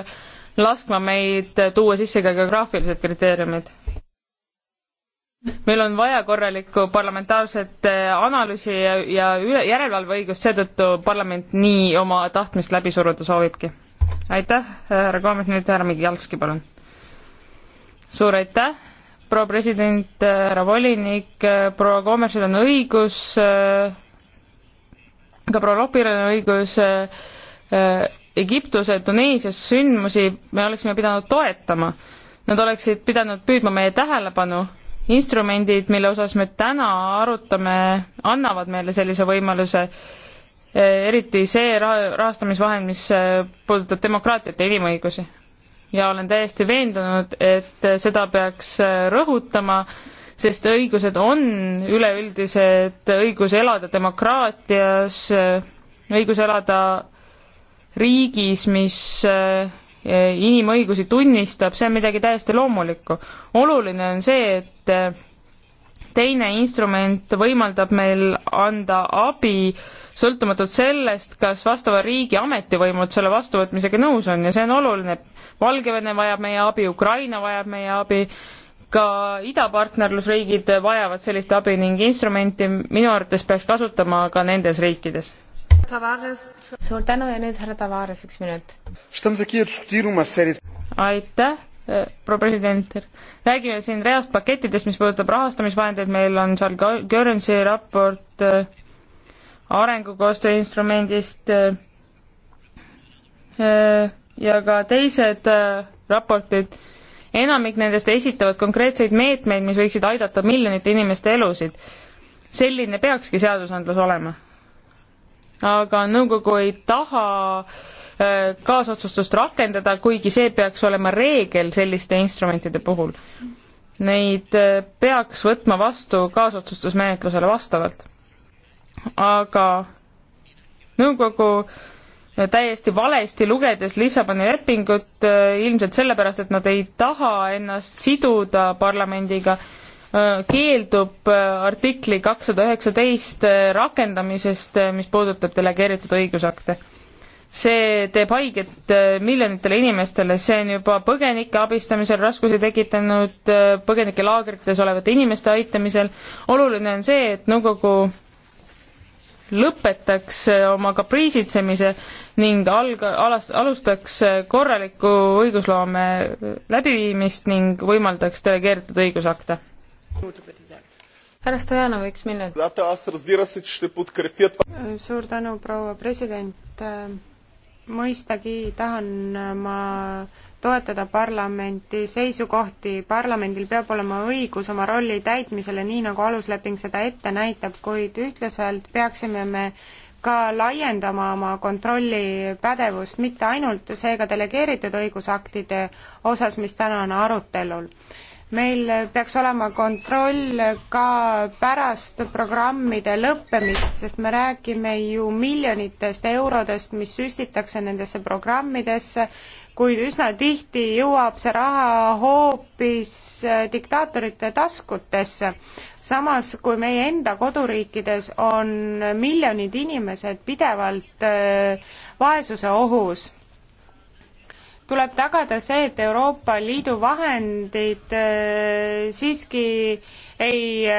S3: laskma meid tuua sisse ka geograafilised kriteeriumid meil on vaja korralikku parlamentaarset eh, analüüsi ja, ja üle, järelevalveõigust, seetõttu parlament nii oma tahtmist läbi suruda soovibki. aitäh, härra Koomet, nüüd härra Migijalski, palun. suur aitäh, proua president, härra volinik, proua Koomesil on õigus, eh, ka proua Lopil on õigus, eh, Egiptuse, Tuneesias sündmusi me oleksime pidanud toetama. Nad oleksid pidanud püüdma meie tähelepanu instrumendid, mille osas me täna arutame, annavad meile sellise võimaluse, eh, eriti see rahastamisvahend, mis eh, puudutab demokraatiat ja inimõigusi. ja olen täiesti veendunud, et eh, seda peaks rõhutama, sest õigused on üleüldised, õigus elada demokraatias, õigus elada riigis, mis inimõigusi tunnistab, see on midagi täiesti loomulikku. oluline on see, et eh, teine instrument võimaldab meil anda abi sõltumatult sellest, kas vastava riigi ametivõimud selle vastuvõtmisega nõus on ja see on oluline. Valgevene vajab meie abi, Ukraina vajab meie abi, ka idapartnerlusriigid vajavad sellist abi ning instrumenti minu arvates peaks kasutama ka nendes riikides suur tänu ja nüüd härra Tavares, üks minut. aitäh, eh, proua president. räägime siin reast pakettidest, mis puudutab rahastamisvahendeid, meil on seal Guernsey raport eh, arengukoostöö instrumendist eh, ja ka teised raportid enamik nendest esitavad konkreetseid meetmeid, mis võiksid aidata miljonite inimeste elusid. selline peakski seadusandlus olema aga nõukogu ei taha äh, kaasotsustust rakendada, kuigi see peaks olema reegel selliste instrumentide puhul. Neid äh, peaks võtma vastu kaasotsustusmenetlusele vastavalt. aga nõukogu äh, täiesti valesti lugedes Lissaboni lepingut, ilmselt sellepärast, et nad ei taha ennast siduda parlamendiga Äh, keeldub äh, artikli kakssada üheksateist äh, rakendamisest, mis puudutab delegeeritud õigusakte. see teeb haiget miljonitele inimestele, see on juba põgenike abistamisel raskusi tekitanud, põgenikelaagrites olevate inimeste aitamisel, oluline on see, et nõukogu lõpetaks oma kapriisitsemise ning alga-, alas-, alustaks korralikku õigusloome läbiviimist ning võimaldaks delegeeritud õigusakte
S1: härra Stojanov, üks minut. suur tänu, proua president. mõistagi tahan ma toetada parlamenti seisukohti, parlamendil peab olema õigus oma rolli täitmisele, nii nagu alusleping seda ette näitab, kuid ühtlaselt peaksime me ka laiendama oma kontrolli pädevust mitte ainult seega delegeeritud õigusaktide osas, mis täna on arutelul meil peaks olema kontroll ka pärast programmide lõppemist, sest me räägime ju miljonitest eurodest, mis süstitakse nendesse programmidesse, kuid üsna tihti jõuab see raha hoopis äh, diktaatorite taskutesse. samas, kui meie enda koduriikides on miljonid inimesed pidevalt äh, vaesuse ohus tuleb tagada see, et Euroopa Liidu vahendid äh, siiski ei äh,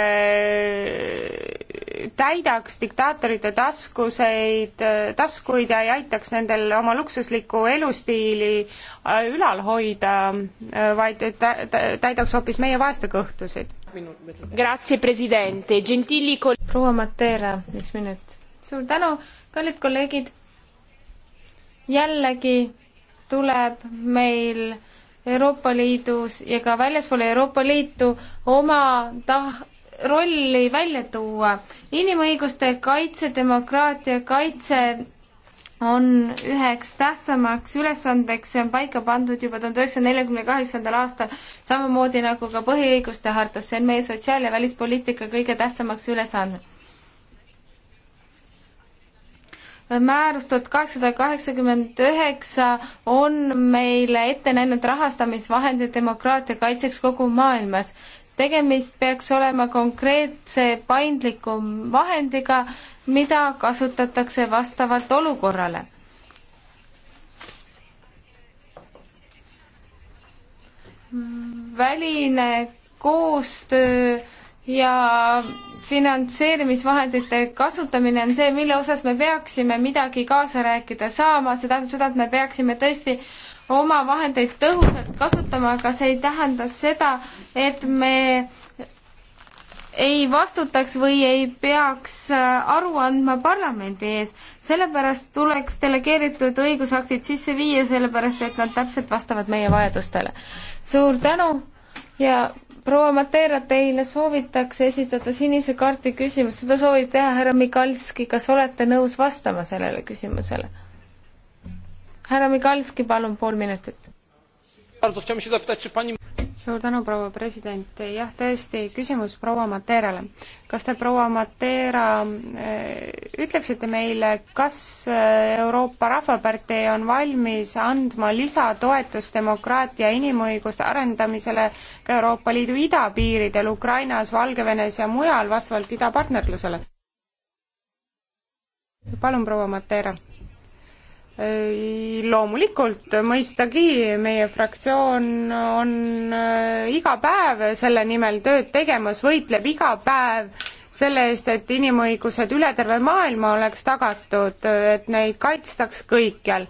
S1: täidaks diktaatorite taskuseid, äh, taskuid ja ei aitaks nendel oma luksuslikku elustiili ülal hoida, vaid täidaks hoopis meie vaeste kõhtusid. proua Matera, üks minut. suur tänu, kallid kolleegid.
S2: jällegi tuleb meil Euroopa Liidus ja ka väljaspool Euroopa Liitu oma tah-, rolli välja tuua. inimõiguste kaitse, demokraatia kaitse on üheks tähtsamaks ülesandeks, see on paika pandud juba tuhande üheksasaja neljakümne kaheksandal aastal, samamoodi nagu ka põhiõiguste hartas, see on meie sotsiaal- ja välispoliitika kõige tähtsamaks ülesanne määrus tuhat kaheksasada kaheksakümmend üheksa on meile ette näinud rahastamisvahendid demokraatia kaitseks kogu maailmas. tegemist peaks olema konkreetse paindliku vahendiga, mida kasutatakse vastavalt olukorrale. väline koostöö ja finantseerimisvahendite kasutamine on see, mille osas me peaksime midagi kaasa rääkida saama, see tähendab seda, et me peaksime tõesti oma vahendeid tõhusalt kasutama, aga see ei tähenda seda, et me ei vastutaks või ei peaks äh, aru andma parlamendi ees. sellepärast tuleks delegeeritud õigusaktid sisse viia, sellepärast et nad täpselt vastavad meie vajadustele. suur tänu ja proua Mateera, teile soovitakse esitada sinise kaardi küsimus, seda soovib teha härra Mikalski, kas olete nõus vastama sellele küsimusele?
S1: härra Mikalski, palun pool minutit suur tänu, proua president. jah, tõesti, küsimus proua Materale. kas te, proua Matera, äh, ütleksite meile, kas äh, Euroopa Rahvapartei on valmis andma lisatoetust demokraatia ja inimõiguste arendamisele ka Euroopa Liidu idapiiridel Ukrainas, Valgevenes ja mujal vastavalt idapartnerlusele? palun, proua Matera loomulikult, mõistagi, meie fraktsioon on äh, iga päev selle nimel tööd tegemas, võitleb iga päev selle eest, et inimõigused üle terve maailma oleks tagatud, et neid kaitstaks kõikjal.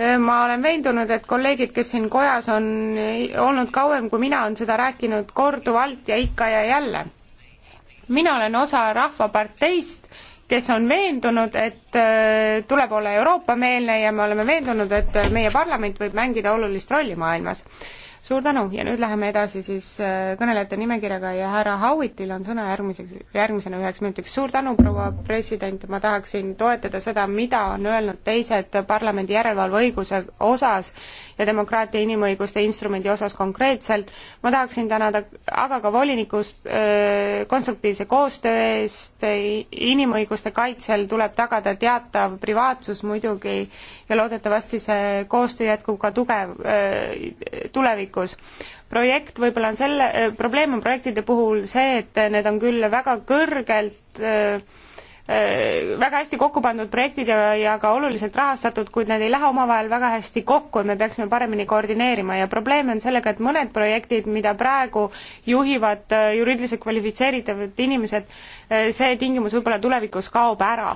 S1: Äh, ma olen veendunud, et kolleegid, kes siin kojas on olnud kauem kui mina, on seda rääkinud korduvalt ja ikka ja jälle. mina olen osa Rahvaparteist kes on veendunud, et äh, tuleb olla Euroopa-meelne ja me oleme veendunud, et meie parlament võib mängida olulist rolli maailmas suur tänu ja nüüd läheme edasi siis äh, kõnelejate nimekirjaga ja härra Howitil on sõna järgmiseks, järgmisena üheks minutiks. suur tänu, proua president, ma tahaksin toetada seda, mida on öelnud teised parlamendi järelevalveõiguse osas ja demokraatia inimõiguste instrumendi osas konkreetselt. ma tahaksin tänada aga ka volinikust äh, konstruktiivse koostöö eest, inimõiguste kaitsel tuleb tagada teatav privaatsus muidugi ja loodetavasti see koostöö jätkub ka tugev, äh, tulevikus tulevikus. projekt võib-olla on selle, probleem on projektide puhul see, et need on küll väga kõrgelt äh, äh, väga hästi kokku pandud projektid ja, ja ka oluliselt rahastatud, kuid need ei lähe omavahel väga hästi kokku ja me peaksime paremini koordineerima ja probleem on sellega, et mõned projektid, mida praegu juhivad äh, juriidiliselt kvalifitseeritud inimesed, see tingimus võib-olla tulevikus kaob ära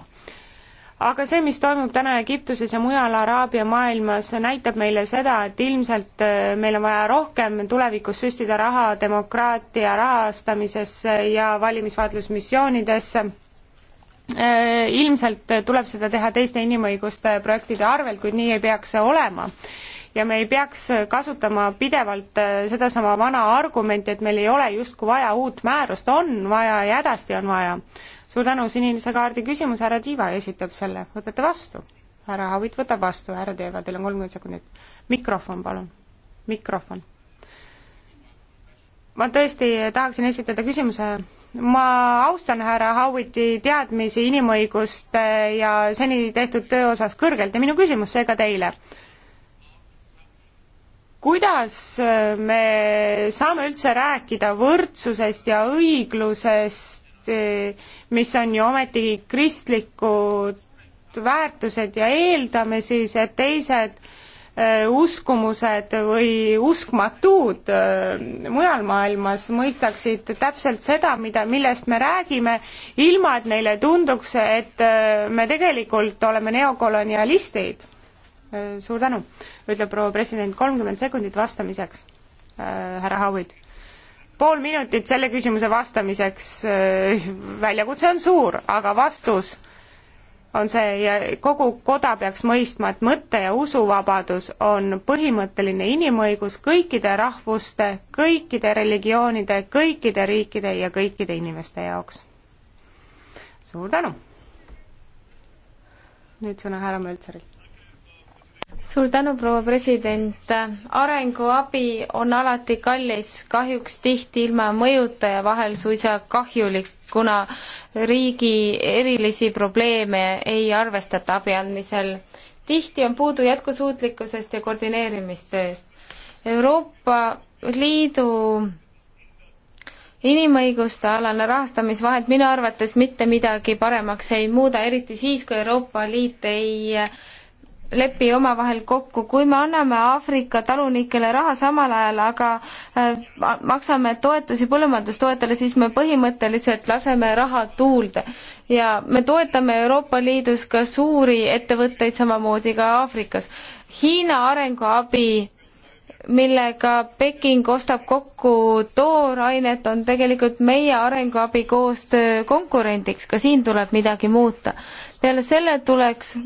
S1: aga see, mis toimub täna Egiptuses ja mujal Araabia maailmas, näitab meile seda, et ilmselt äh, meil on vaja rohkem tulevikus süstida raha demokraatia rahastamisesse ja valimisvaatlusmissioonidesse. Äh, ilmselt tuleb seda teha teiste inimõiguste projektide arvelt, kuid nii ei peaks see olema ja me ei peaks kasutama pidevalt äh, sedasama vana argumenti, et meil ei ole justkui vaja uut määrust, on vaja ja hädasti on vaja. suur tänu, sinise kaardi küsimus, härra Tiiva esitab selle, võtate vastu? härra Havit võtab vastu, härra Teeva, teil on kolmkümmend sekundit. mikrofon, palun, mikrofon. ma tõesti tahaksin esitada küsimuse ma austan härra Howiti teadmisi inimõiguste ja seni tehtud töö osas kõrgelt ja minu küsimus seega teile kuidas äh, me saame üldse rääkida võrdsusest ja õiglusest, äh, mis on ju ometigi kristlikud väärtused ja eeldame siis, et teised äh, uskumused või uskmatud mujal maailmas mõistaksid täpselt seda, mida, millest me räägime, ilma et neile tunduks, et me tegelikult oleme neokolonialistid Äh, suur tänu, ütleb proua president, kolmkümmend sekundit vastamiseks, äh, härra Howard. pool minutit selle küsimuse vastamiseks, äh, väljakutse on suur, aga vastus on see ja kogu koda peaks mõistma, et mõtte- ja usuvabadus on põhimõtteline inimõigus kõikide rahvuste, kõikide religioonide, kõikide riikide ja kõikide inimeste jaoks. suur tänu! nüüd sõna härra Möltseril
S2: suur tänu, proua president. arenguabi on alati kallis, kahjuks tihti ilma mõjuta ja vahel suisa kahjulik, kuna riigi erilisi probleeme ei arvestata abi andmisel. tihti on puudu jätkusuutlikkusest ja koordineerimistööst. Euroopa Liidu inimõiguste alane rahastamisvahend minu arvates mitte midagi paremaks ei muuda, eriti siis, kui Euroopa Liit ei äh, lepi omavahel kokku, kui me anname Aafrika talunikele raha samal ajal, aga äh, maksame toetusi põllumajandustootjale, siis me põhimõtteliselt laseme raha tuulde. ja me toetame Euroopa Liidus ka suuri ettevõtteid, samamoodi ka Aafrikas. Hiina arenguabi millega Peking ostab kokku toorainet, on tegelikult meie arenguabi koostöö konkurendiks, ka siin tuleb midagi muuta. peale selle tuleks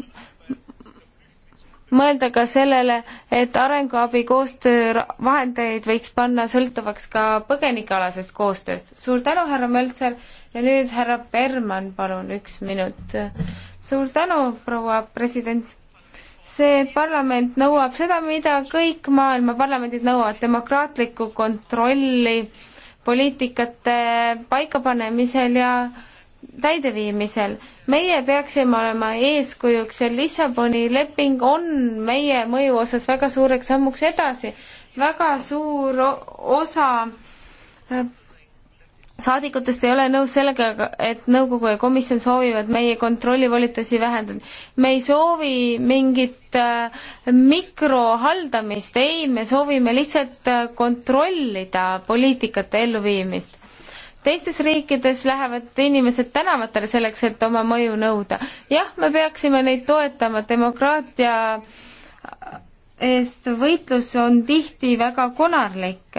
S2: mõelda ka sellele, et arenguabi koostöövahendeid võiks panna sõltuvaks ka põgenikealasest koostööst. suur tänu, härra Möltser ja nüüd härra Berman, palun, üks minut. suur tänu, proua president. see parlament nõuab seda, mida kõik maailma parlamendid nõuavad, demokraatlikku kontrolli poliitikate paikapanemisel ja täideviimisel. meie peaksime olema eeskujuks ja Lissaboni leping on meie mõju osas väga suureks sammuks edasi. väga suur osa äh, saadikutest ei ole nõus sellega, et nõukogu ja komisjon soovivad meie kontrollivolitusi vähendada. me ei soovi mingit äh, mikrohaldamist, ei, me soovime lihtsalt äh, kontrollida poliitikate elluviimist teistes riikides lähevad inimesed tänavatele selleks, et oma mõju nõuda. jah, me peaksime neid toetama, demokraatia eest võitlus on tihti väga konarlik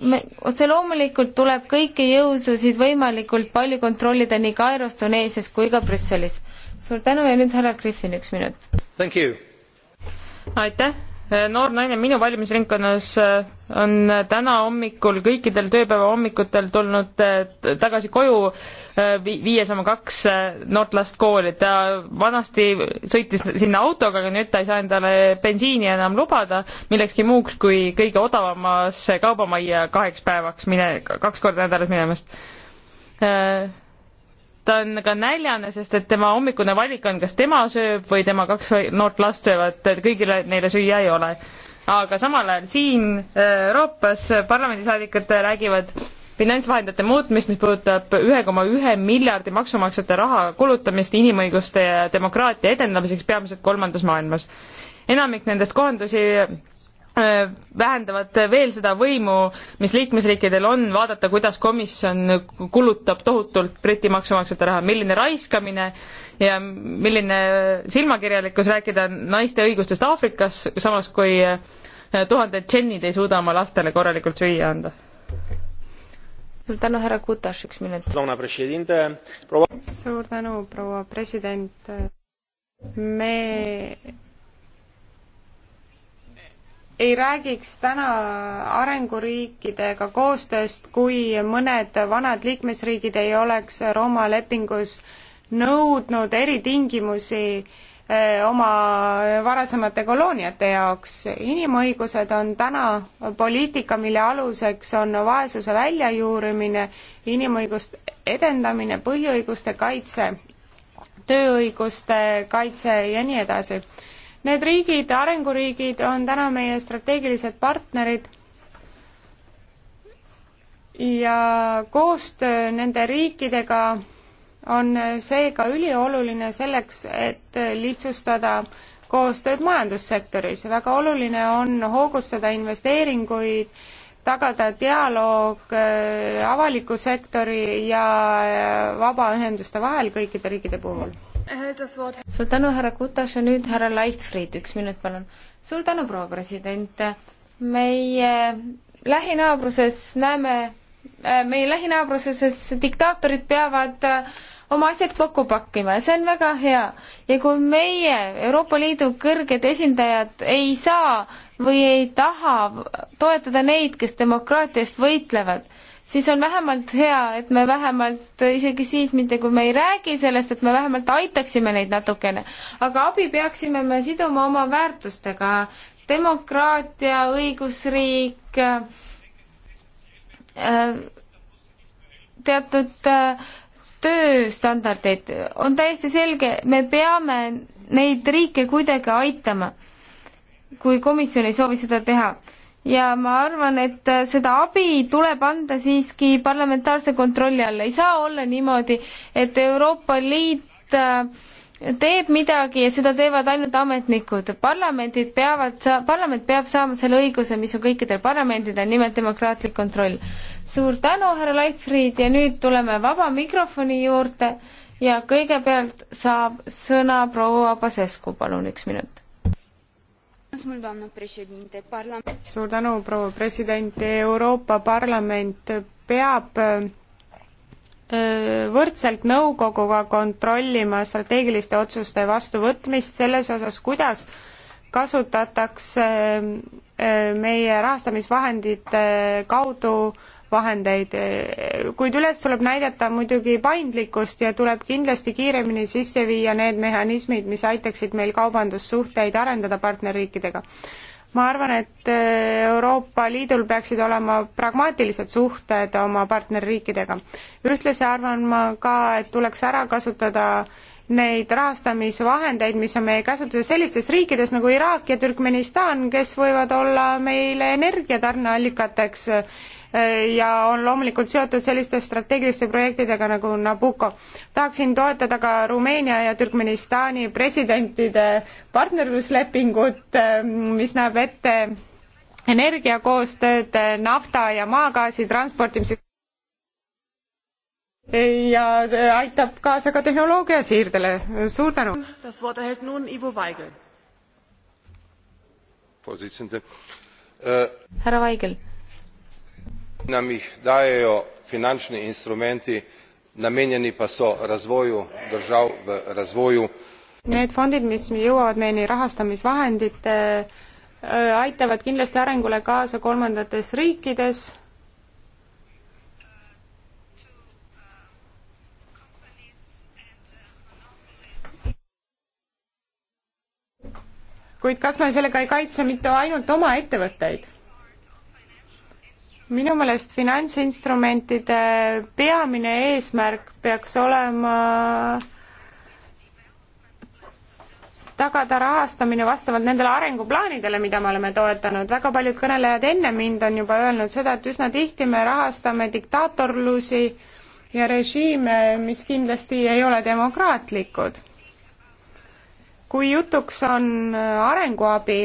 S2: me, otse loomulikult tuleb kõiki jõususid võimalikult palju kontrollida nii Kairos, Tuneesias kui ka Brüsselis. suur tänu ja nüüd härra Griffin, üks minut.
S3: aitäh Eh, noor naine minu valimisringkonnas eh, on eh, täna hommikul kõikidel tööpäeva hommikutel tulnud tagasi koju viies oma kaks noort last kooli. ta vanasti sõitis sinna autoga, aga nüüd ta ei saa endale bensiini enam lubada millekski muuks kui kõige odavamasse kaubamajja kaheks päevaks mine, kaks korda nädalas minemast ta on ka näljane, sest et tema hommikune valik on, kas tema sööb või tema kaks noort last söövad, kõigile neile süüa ei ole. aga samal ajal siin äh, Euroopas parlamendisaadikud räägivad finantsvahendite muutmist, mis puudutab ühe koma ühe miljardi maksumaksjate raha kulutamist inimõiguste ja demokraatia edendamiseks peamiselt kolmandas maailmas. enamik nendest kohandusi Äh, vähendavad veel seda võimu, mis liikmesriikidel on, vaadata, kuidas komisjon kulutab tohutult Briti maksumaksjate raha, milline raiskamine ja milline silmakirjalikkus rääkida naiste õigustest Aafrikas, samas kui äh, tuhanded džennid ei suuda oma lastele korralikult süüa anda. suur tänu, härra Kutas, üks minut.
S1: suur tänu, proua president. me ei räägiks täna arenguriikidega koostööst, kui mõned vanad liikmesriigid ei oleks Rooma lepingus nõudnud eritingimusi eh, oma varasemate kolooniate jaoks. inimõigused on täna poliitika, mille aluseks on vaesuse väljajuurimine, inimõiguste edendamine, põhiõiguste kaitse, tööõiguste kaitse ja nii edasi Need riigid, arenguriigid on täna meie strateegilised partnerid ja koostöö nende riikidega on seega ülioluline selleks, et lihtsustada koostööd majandussektoris. väga oluline on hoogustada investeeringuid, tagada dialoog äh, avaliku sektori ja äh, vabaühenduste vahel kõikide riikide puhul suur tänu, härra Kutas ja nüüd härra Leichtfried,
S2: üks minut, palun. suur tänu, proua president. meie lähinaabruses näeme meie lähinaabruses, sest diktaatorid peavad oma asjad kokku pakkima ja see on väga hea. ja kui meie, Euroopa Liidu kõrged esindajad, ei saa või ei taha toetada neid, kes demokraatia eest võitlevad, siis on vähemalt hea, et me vähemalt isegi siis mitte, kui me ei räägi sellest, et me vähemalt aitaksime neid natukene, aga abi peaksime me siduma oma väärtustega, demokraatia, õigusriik äh,, teatud äh, tööstandardeid, on täiesti selge, me peame neid riike kuidagi aitama, kui komisjon ei soovi seda teha. ja ma arvan, et seda abi tuleb anda siiski parlamentaarse kontrolli alla, ei saa olla niimoodi, et Euroopa Liit äh, teeb midagi ja seda teevad ainult ametnikud. parlamendid peavad saa-, parlament peab saama selle õiguse, mis on kõikidel parlamendidel, nimelt demokraatlik kontroll. suur tänu, härra Leitfried, ja nüüd tuleme vaba mikrofoni juurde ja kõigepealt saab sõna proua Pasescu, palun, üks minut. suur
S1: tänu, proua president, Euroopa Parlament peab äh, võrdselt nõukoguga kontrollima strateegiliste otsuste vastuvõtmist selles osas, kuidas kasutatakse äh, meie rahastamisvahendite kaudu vahendeid, kuid üles tuleb näidata muidugi paindlikkust ja tuleb kindlasti kiiremini sisse viia need mehhanismid, mis aitaksid meil kaubandussuhteid arendada partnerriikidega ma arvan, et äh, Euroopa Liidul peaksid olema pragmaatilised suhted oma partnerriikidega. ühtlasi arvan ma ka, et tuleks ära kasutada neid rahastamisvahendeid, mis on meie käsutuses sellistes riikides nagu Iraak ja Türkmenistan, kes võivad olla meile energiatarneallikateks ja on loomulikult seotud selliste strateegiliste projektidega nagu Nabucco. tahaksin toetada ka Rumeenia ja Türkmenistani presidentide partnerluslepingut, ähm, mis näeb ette energiakoostööd äh, nafta ja maagaasi transportimiseks ja äh, aitab kaasa ka tehnoloogia siirdele. suur tänu. härra Vaigel ki nam jih dajejo finančni instrumenti namenjeni pa so razvoju držav v razvoju. need fondid mis jõuavad meieni rahastamisvahendite äh, aitavad kindlasti arengule kaasa kolmandates riikides kuid kas me sellega ei kaitse mitte ainult oma ettevõtteid? minu meelest finantsinstrumentide peamine eesmärk peaks olema tagada rahastamine vastavalt nendele arenguplaanidele, mida me oleme toetanud. väga paljud kõnelejad enne mind on juba öelnud seda, et üsna tihti me rahastame diktaatorlusi ja režiime, mis kindlasti ei ole demokraatlikud. kui jutuks on arenguabi,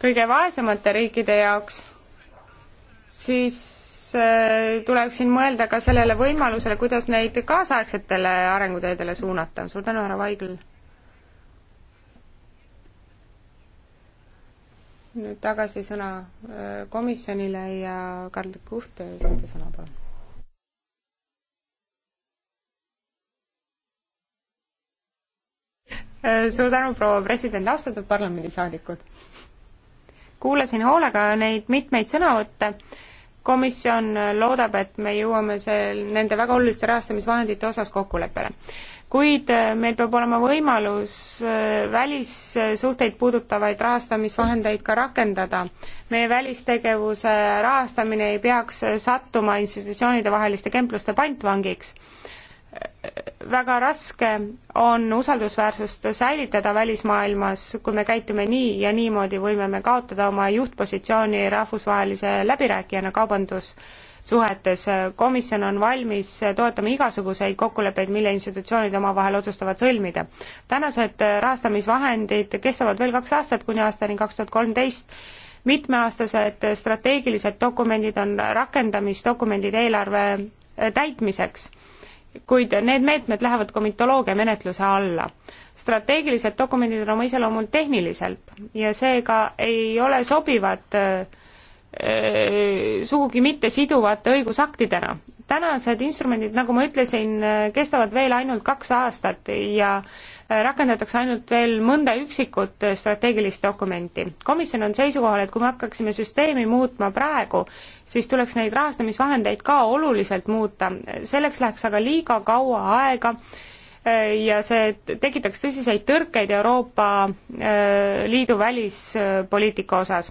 S1: kõige vaesemate riikide jaoks, siis äh, tuleks siin mõelda ka sellele võimalusele, kuidas neid kaasaegsetele arenguteedele suunata. suur tänu, härra Vaigel. nüüd tagasi sõna äh, komisjonile ja Karl Kuht, saate sõna, palun. Äh, suur tänu, proua president, austatud parlamendisaadikud kuulasin hoolega neid mitmeid sõnavõtte, komisjon loodab, et me jõuame seal nende väga oluliste rahastamisvahendite osas kokkuleppele. kuid äh, meil peab olema võimalus äh, välissuhteid puudutavaid rahastamisvahendeid ka rakendada. meie välistegevuse rahastamine ei peaks sattuma institutsioonide vaheliste kempluste pantvangiks väga raske on usaldusväärsust säilitada välismaailmas, kui me käitume nii ja niimoodi võime me kaotada oma juhtpositsiooni rahvusvahelise läbirääkijana kaubandussuhetes. komisjon on valmis toetama igasuguseid kokkuleppeid, mille institutsioonid omavahel otsustavad sõlmida. tänased rahastamisvahendid kestavad veel kaks aastat, kuni aastani kaks tuhat kolmteist mitmeaastased strateegilised dokumendid on rakendamisdokumendid eelarve täitmiseks kuid need meetmed lähevad komitoloogia menetluse alla. strateegilised dokumendid on oma iseloomult tehniliselt ja seega ei ole sobivad äh, Äh, sugugi mitte siduvate õigusaktidena. tänased instrumendid, nagu ma ütlesin, äh, kestavad veel ainult kaks aastat ja äh, rakendatakse ainult veel mõnda üksikut strateegilist dokumenti. komisjon on seisukohal, et kui me hakkaksime süsteemi muutma praegu, siis tuleks neid rahastamisvahendeid ka oluliselt muuta, selleks läheks aga liiga kaua aega ja see tekitaks tõsiseid tõrkeid Euroopa Liidu välispoliitika osas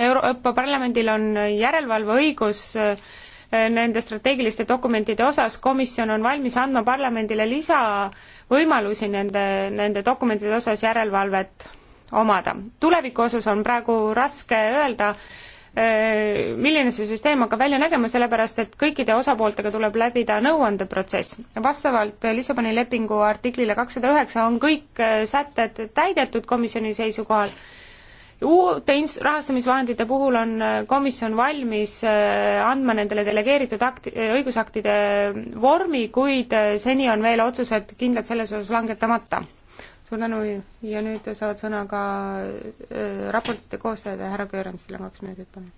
S1: Euroopa Parlamendil on järelevalveõigus eh, nende strateegiliste dokumentide osas, komisjon on valmis andma parlamendile lisavõimalusi nende, nende dokumentide osas järelevalvet omada. tuleviku osas on praegu raske öelda, eh, milline see süsteem hakkab välja nägema, sellepärast et kõikide osapooltega tuleb läbida nõuandeprotsess. vastavalt Lissaboni lepingu artiklile kakssada üheksa on kõik eh, sätted täidetud komisjoni seisukohal uute ins-, rahastamisvahendite puhul on äh, komisjon valmis äh, andma nendele delegeeritud akti-, äh, õigusaktide vormi, kuid seni on veel otsused kindlalt selles osas langetamata. suur tänu ja nüüd saavad sõna ka raportite koostajad ja härra Köörensile on kaks minutit, palun.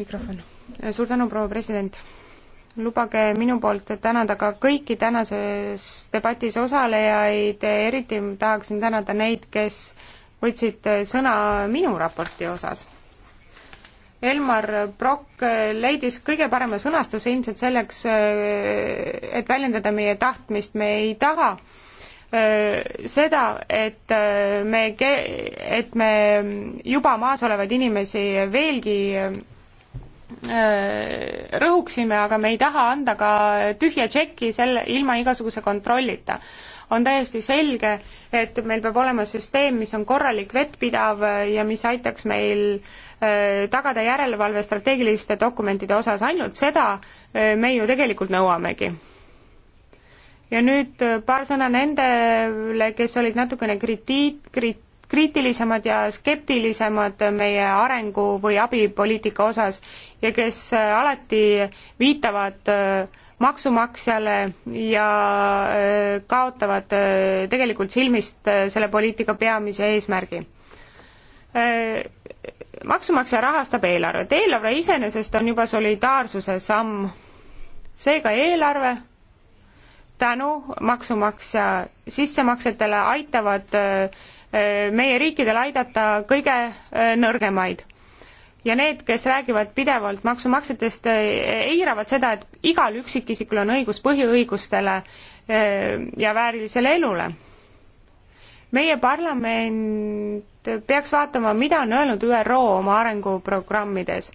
S1: mikrofon. suur tänu, proua president lubage minu poolt tänada ka kõiki tänases debatis osalejaid, eriti tahaksin tänada neid, kes võtsite sõna minu raporti osas. Elmar Brock leidis kõige parema sõnastuse ilmselt selleks, et väljendada meie tahtmist, me ei taha seda, et me, et me juba maas olevaid inimesi veelgi rõhuksime, aga me ei taha anda ka tühja tšeki selle, ilma igasuguse kontrollita on täiesti selge, et meil peab olema süsteem, mis on korralik, vettpidav ja mis aitaks meil äh, tagada järelevalve strateegiliste dokumentide osas, ainult seda äh, me ju tegelikult nõuamegi. ja nüüd äh, paar sõna nendele, kes olid natukene kritiit-, krit-, kriitilisemad ja skeptilisemad meie arengu või abipoliitika osas ja kes alati viitavad äh, maksumaksjale ja äh, kaotavad äh, tegelikult silmist äh, selle poliitika peamise eesmärgi. maksumaksja rahastab eelarvet, eelarve iseenesest on juba solidaarsuse samm, seega eelarve tänu maksumaksja sissemaksetele aitavad meie riikidel aidata kõige nõrgemaid ja need, kes räägivad pidevalt maksumaksjatest, eh, eiravad seda, et igal üksikisikul on õigus põhiõigustele eh, ja väärilisele elule. meie parlament peaks vaatama, mida on öelnud ÜRO oma arenguprogrammides.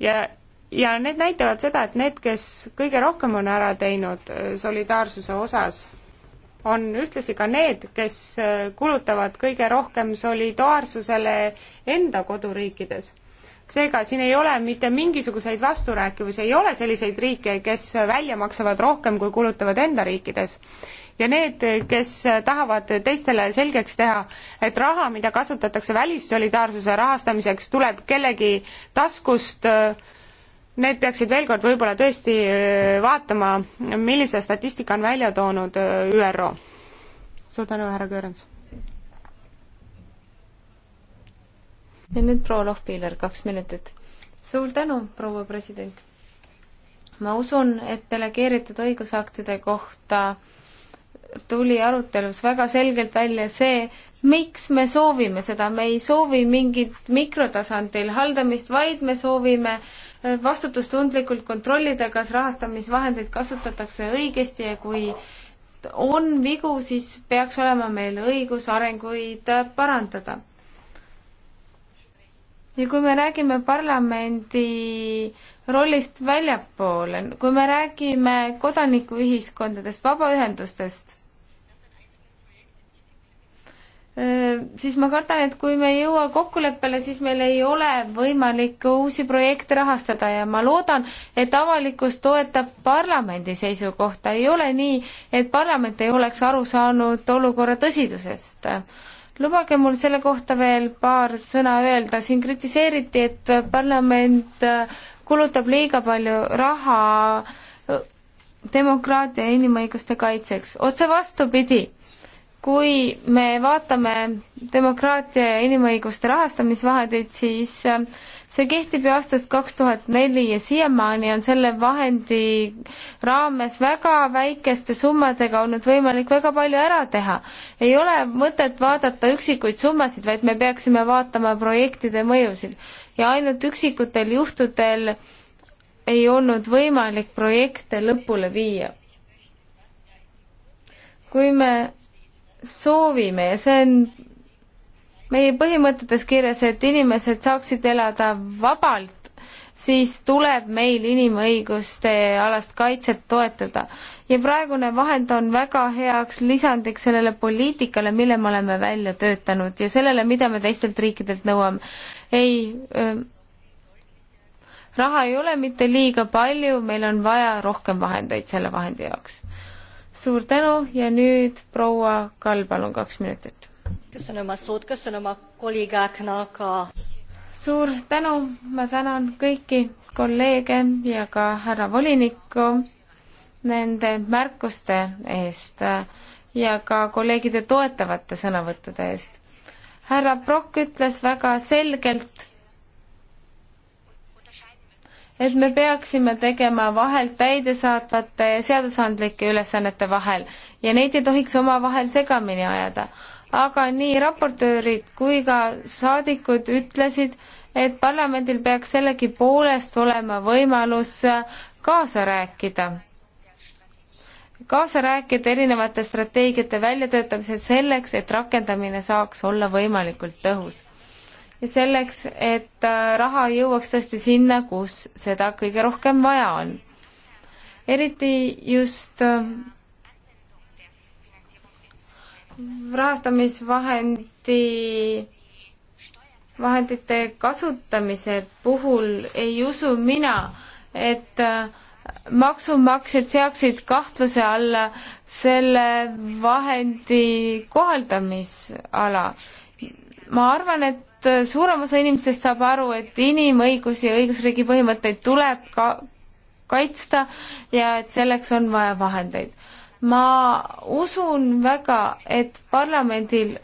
S1: ja, ja need näitavad seda, et need, kes kõige rohkem on ära teinud eh, solidaarsuse osas, on ühtlasi ka need, kes kulutavad kõige rohkem solidaarsusele enda koduriikides seega siin ei ole mitte mingisuguseid vasturääkivusi, ei ole selliseid riike, kes välja maksavad rohkem, kui kulutavad enda riikides. ja need, kes tahavad teistele selgeks teha, et raha, mida kasutatakse välissolidaarsuse rahastamiseks, tuleb kellegi taskust Need peaksid veel kord võib-olla tõesti äh, vaatama, millise statistika on välja toonud äh, ÜRO. suur tänu, härra Köörens ja nüüd proua Lohpiiler, kaks
S2: minutit. suur tänu, proua president. ma usun, et delegeeritud õigusaktide kohta tuli arutelus väga selgelt välja see, miks me soovime seda, me ei soovi mingit mikrotasandil haldamist, vaid me soovime eh, vastutustundlikult kontrollida, kas rahastamisvahendeid kasutatakse õigesti ja kui on vigu, siis peaks olema meil õigus arenguid parandada ja kui me räägime parlamendi rollist väljapoole, kui me räägime kodanikuühiskondadest, vabaühendustest, siis ma kardan, et kui me ei jõua kokkuleppele, siis meil ei ole võimalik uusi projekte rahastada ja ma loodan, et avalikkus toetab parlamendi seisukohta, ei ole nii, et parlament ei oleks aru saanud olukorra tõsidusest lubage mul selle kohta veel paar sõna öelda, siin kritiseeriti, et parlament äh, kulutab liiga palju raha äh, demokraatia ja inimõiguste kaitseks, otse vastupidi kui me vaatame demokraatia ja inimõiguste rahastamisvahendeid, siis äh, see kehtib ju aastast kaks tuhat neli ja siiamaani on selle vahendi raames väga väikeste summadega olnud võimalik väga palju ära teha. ei ole mõtet vaadata üksikuid summasid, vaid me peaksime vaatama projektide mõjusid ja ainult üksikutel juhtudel ei olnud võimalik projekte lõpule viia. kui me soovime ja see on meie põhimõtetes kirjas, et inimesed saaksid elada vabalt, siis tuleb meil inimõiguste alast kaitset toetada. ja praegune vahend on väga heaks lisandiks sellele poliitikale, mille me oleme välja töötanud ja sellele, mida me teistelt riikidelt nõuame. ei äh,, raha ei ole mitte liiga palju, meil on vaja rohkem vahendeid selle vahendi jaoks. suur tänu ja nüüd proua Kall, palun kaks minutit suur tänu, ma tänan kõiki kolleege ja ka härra volinikku nende märkuste eest ja ka kolleegide toetavate sõnavõttude eest. härra Brock ütles väga selgelt, et me peaksime tegema vahelt täidesaatvate seadusandlike ülesannete vahel ja neid ei tohiks omavahel segamini ajada aga nii raportöörid kui ka saadikud ütlesid, et parlamendil peaks sellegipoolest olema võimalus kaasa rääkida. kaasa rääkida erinevate strateegiate väljatöötamisel selleks, et rakendamine saaks olla võimalikult tõhus. ja selleks, et äh, raha jõuaks tõesti sinna, kus seda kõige rohkem vaja on. eriti just äh, rahastamisvahendi, vahendite kasutamise puhul ei usu mina, et äh, maksumaksjad seaksid kahtluse alla selle vahendi kohaldamisala. ma arvan, et äh, suurem osa inimestest saab aru, et inimõigusi ja õigusriigi põhimõtteid tuleb ka kaitsta ja et selleks on vaja vahendeid ma usun väga, et parlamendil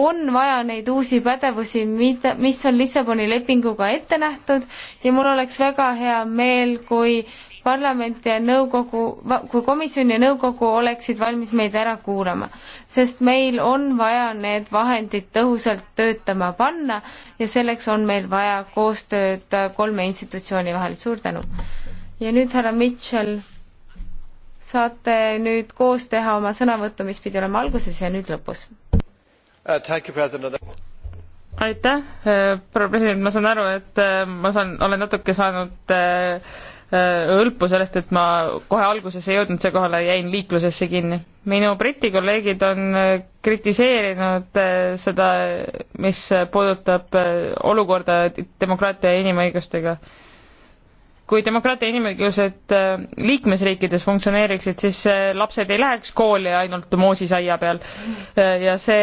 S2: on vaja neid uusi pädevusi, mida, mis on Lissaboni lepinguga ette nähtud ja mul oleks väga hea meel, kui parlament ja nõukogu, kui komisjon ja nõukogu oleksid valmis meid ära kuulama, sest meil on vaja need vahendid tõhusalt töötama panna ja selleks on meil vaja koostööd kolme institutsiooni vahel, suur tänu. ja nüüd härra Mitchell saate nüüd koos teha oma sõnavõttu, mis pidi olema alguses ja nüüd lõpus.
S3: Uh, aitäh, äh, proua president, ma saan aru, et äh, ma saan, olen natuke saanud äh, õlpu sellest, et ma kohe alguses ei jõudnud siia kohale, jäin liiklusesse kinni. minu Briti kolleegid on kritiseerinud seda, mis puudutab olukorda demokraatia ja inimõigustega kui demokraatia inimõigused äh, liikmesriikides funktsioneeriksid, siis äh, lapsed ei läheks kooli ainult moosisaia peal. Äh, ja see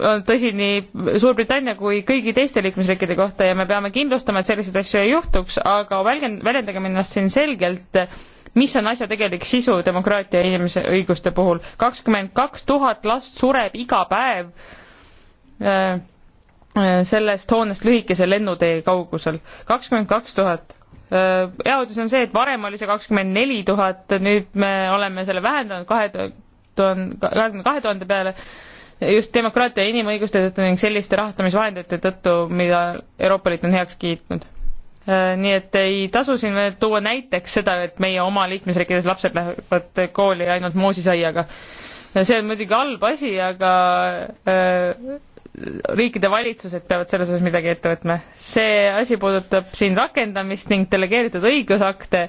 S3: on tõsi nii Suurbritannia kui kõigi teiste liikmesriikide kohta ja me peame kindlustama, et selliseid asju ei juhtuks, aga välgend-, väljendagem ennast siin selgelt, mis on asja tegelik sisu demokraatia ja inimese õiguste puhul. kakskümmend kaks tuhat last sureb iga päev Äh, sellest hoonest lühikese lennutee kaugusel, kakskümmend kaks tuhat. hea äh, uudis on see, et varem oli see kakskümmend neli tuhat, nüüd me oleme selle vähendanud kahe tuhande, kahekümne kahe tuhande peale just demokraatia ja inimõiguste tõttu ning selliste rahastamisvahendite tõttu, mida Euroopa Liit on heaks kiitnud. Äh, nii et ei tasu siin tuua näiteks seda, et meie oma liikmesriikides lapsed lähevad kooli ainult moosiaiaga. see on muidugi halb asi, aga riikide valitsused peavad selles osas midagi ette võtma. see asi puudutab siin rakendamist ning delegeeritud õigusakte.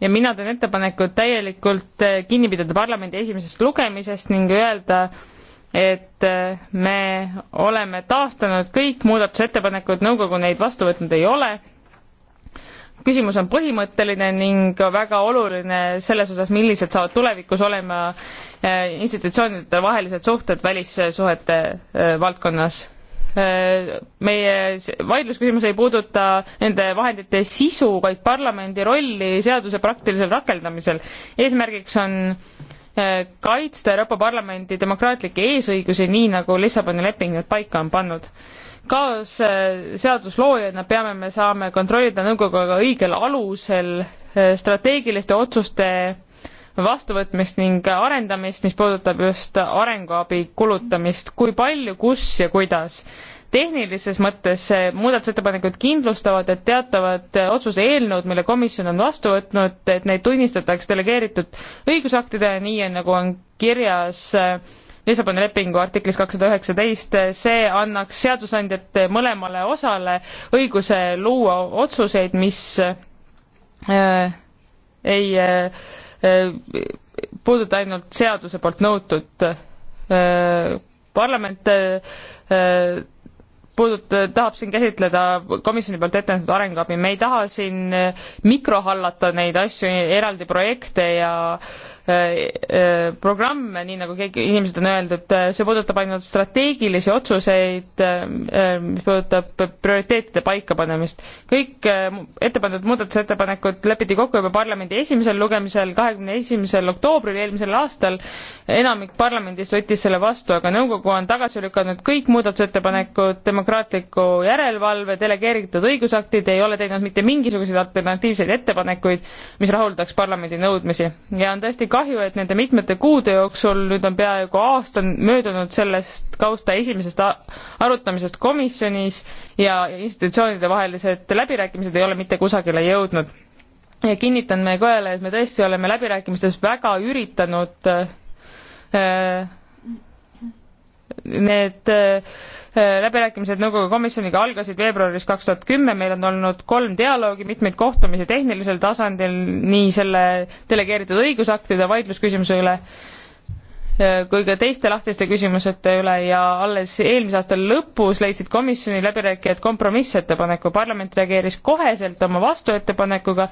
S3: ja mina teen ettepaneku täielikult kinni pidada parlamendi esimesest lugemisest ning öelda, et me oleme taastanud kõik muudatusettepanekud, nõukogu neid vastu võtnud ei ole küsimus on põhimõtteline ning väga oluline selles osas, millised saavad tulevikus olema eh, institutsioonide vahelised suhted välissuhete eh, valdkonnas. Eh, meie vaidlusküsimus ei puuduta nende vahendite sisu, vaid parlamendi rolli seaduse praktilisel rakendamisel. eesmärgiks on kaitsta Euroopa Parlamendi demokraatlikke eesõigusi, nii nagu Lissaboni leping need paika on pannud kaasseadusloojana peame me saame kontrollida nõukoguga õigel alusel eh, strateegiliste otsuste vastuvõtmist ning arendamist, mis puudutab just arenguabi kulutamist, kui palju, kus ja kuidas. tehnilises mõttes muudatusettepanekud kindlustavad, et teatavad otsuse eelnõud, mille komisjon on vastu võtnud, et neid tunnistatakse delegeeritud õigusaktidena, nii on, nagu on kirjas äh, Lissaboni lepingu artiklis kakssada üheksateist, see annaks seadusandjate mõlemale osale õiguse luua otsuseid, mis äh, ei äh, puuduta ainult seaduse poolt nõutud äh, parlament äh, puuduta, tahab siin käsitleda komisjoni poolt ette antud arenguabi, me ei taha siin mikrohallata neid asju, eraldi projekte ja äh, Äh, äh, programme, nii nagu keegi, inimesed on öeldud, äh, see puudutab ainult strateegilisi otsuseid, mis puudutab prioriteetide paikapanemist. kõik ette pandud muudatusettepanekud lepiti kokku juba parlamendi esimesel lugemisel, kahekümne esimesel oktoobril eelmisel aastal. enamik parlamendist võttis selle vastu, aga nõukogu on tagasi lükanud kõik muudatusettepanekud, demokraatliku järelevalve, delegeeritud õigusaktid ei ole teinud mitte mingisuguseid alternatiivseid ettepanekuid, mis rahuldaks parlamendi nõudmisi ja on tõesti kahju, et nende mitmete kuude jooksul, nüüd on peaaegu aasta möödunud sellest kausta esimesest arutamisest komisjonis ja institutsioonide vahelised läbirääkimised ei ole mitte kusagile jõudnud. ja kinnitan meie kojale, et me tõesti oleme läbirääkimistes väga üritanud äh, Need äh, äh, läbirääkimised nõukogu komisjoniga algasid veebruaris kaks tuhat kümme, meil on olnud kolm dialoogi, mitmeid kohtumisi tehnilisel tasandil, nii selle delegeeritud õigusaktide vaidlusküsimuse üle äh, kui ka teiste lahtiste küsimuste üle ja alles eelmise aasta lõpus leidsid komisjoni läbirääkijad kompromissettepaneku. parlament reageeris koheselt oma vastuettepanekuga,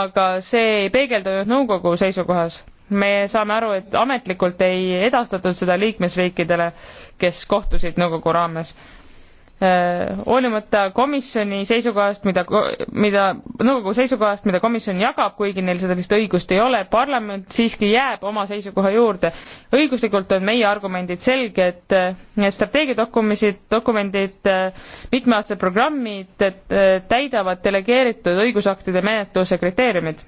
S3: aga see ei peegeldunud nõukogu seisukohas me saame aru, et ametlikult ei edastatud seda liikmesriikidele, kes kohtusid nõukogu raames. Äh, hoolimata komisjoni seisukohast, mida, mida, nõukogu seisukohast, mida komisjon jagab, kuigi neil seda vist õigust ei ole, parlament siiski jääb oma seisukoha juurde. õiguslikult on meie argumendid selged, äh, strateegiadokumendid, dokumendid, äh, mitmeaastased programmid täidavad delegeeritud õigusaktide menetluse kriteeriumid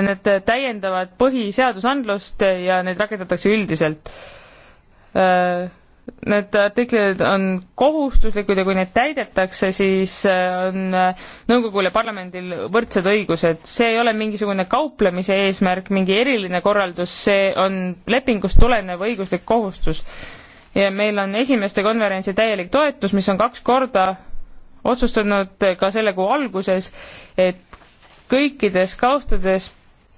S3: need täiendavad põhiseadusandlust ja neid rakendatakse üldiselt. Äh, need artiklid on kohustuslikud ja kui need täidetakse, siis äh, on äh, nõukogul ja parlamendil võrdsed õigused. see ei ole mingisugune kauplemise eesmärk, mingi eriline korraldus, see on lepingust tulenev õiguslik kohustus. ja meil on esimeste konverentsi täielik toetus, mis on kaks korda otsustanud ka selle kuu alguses, et kõikides kaustades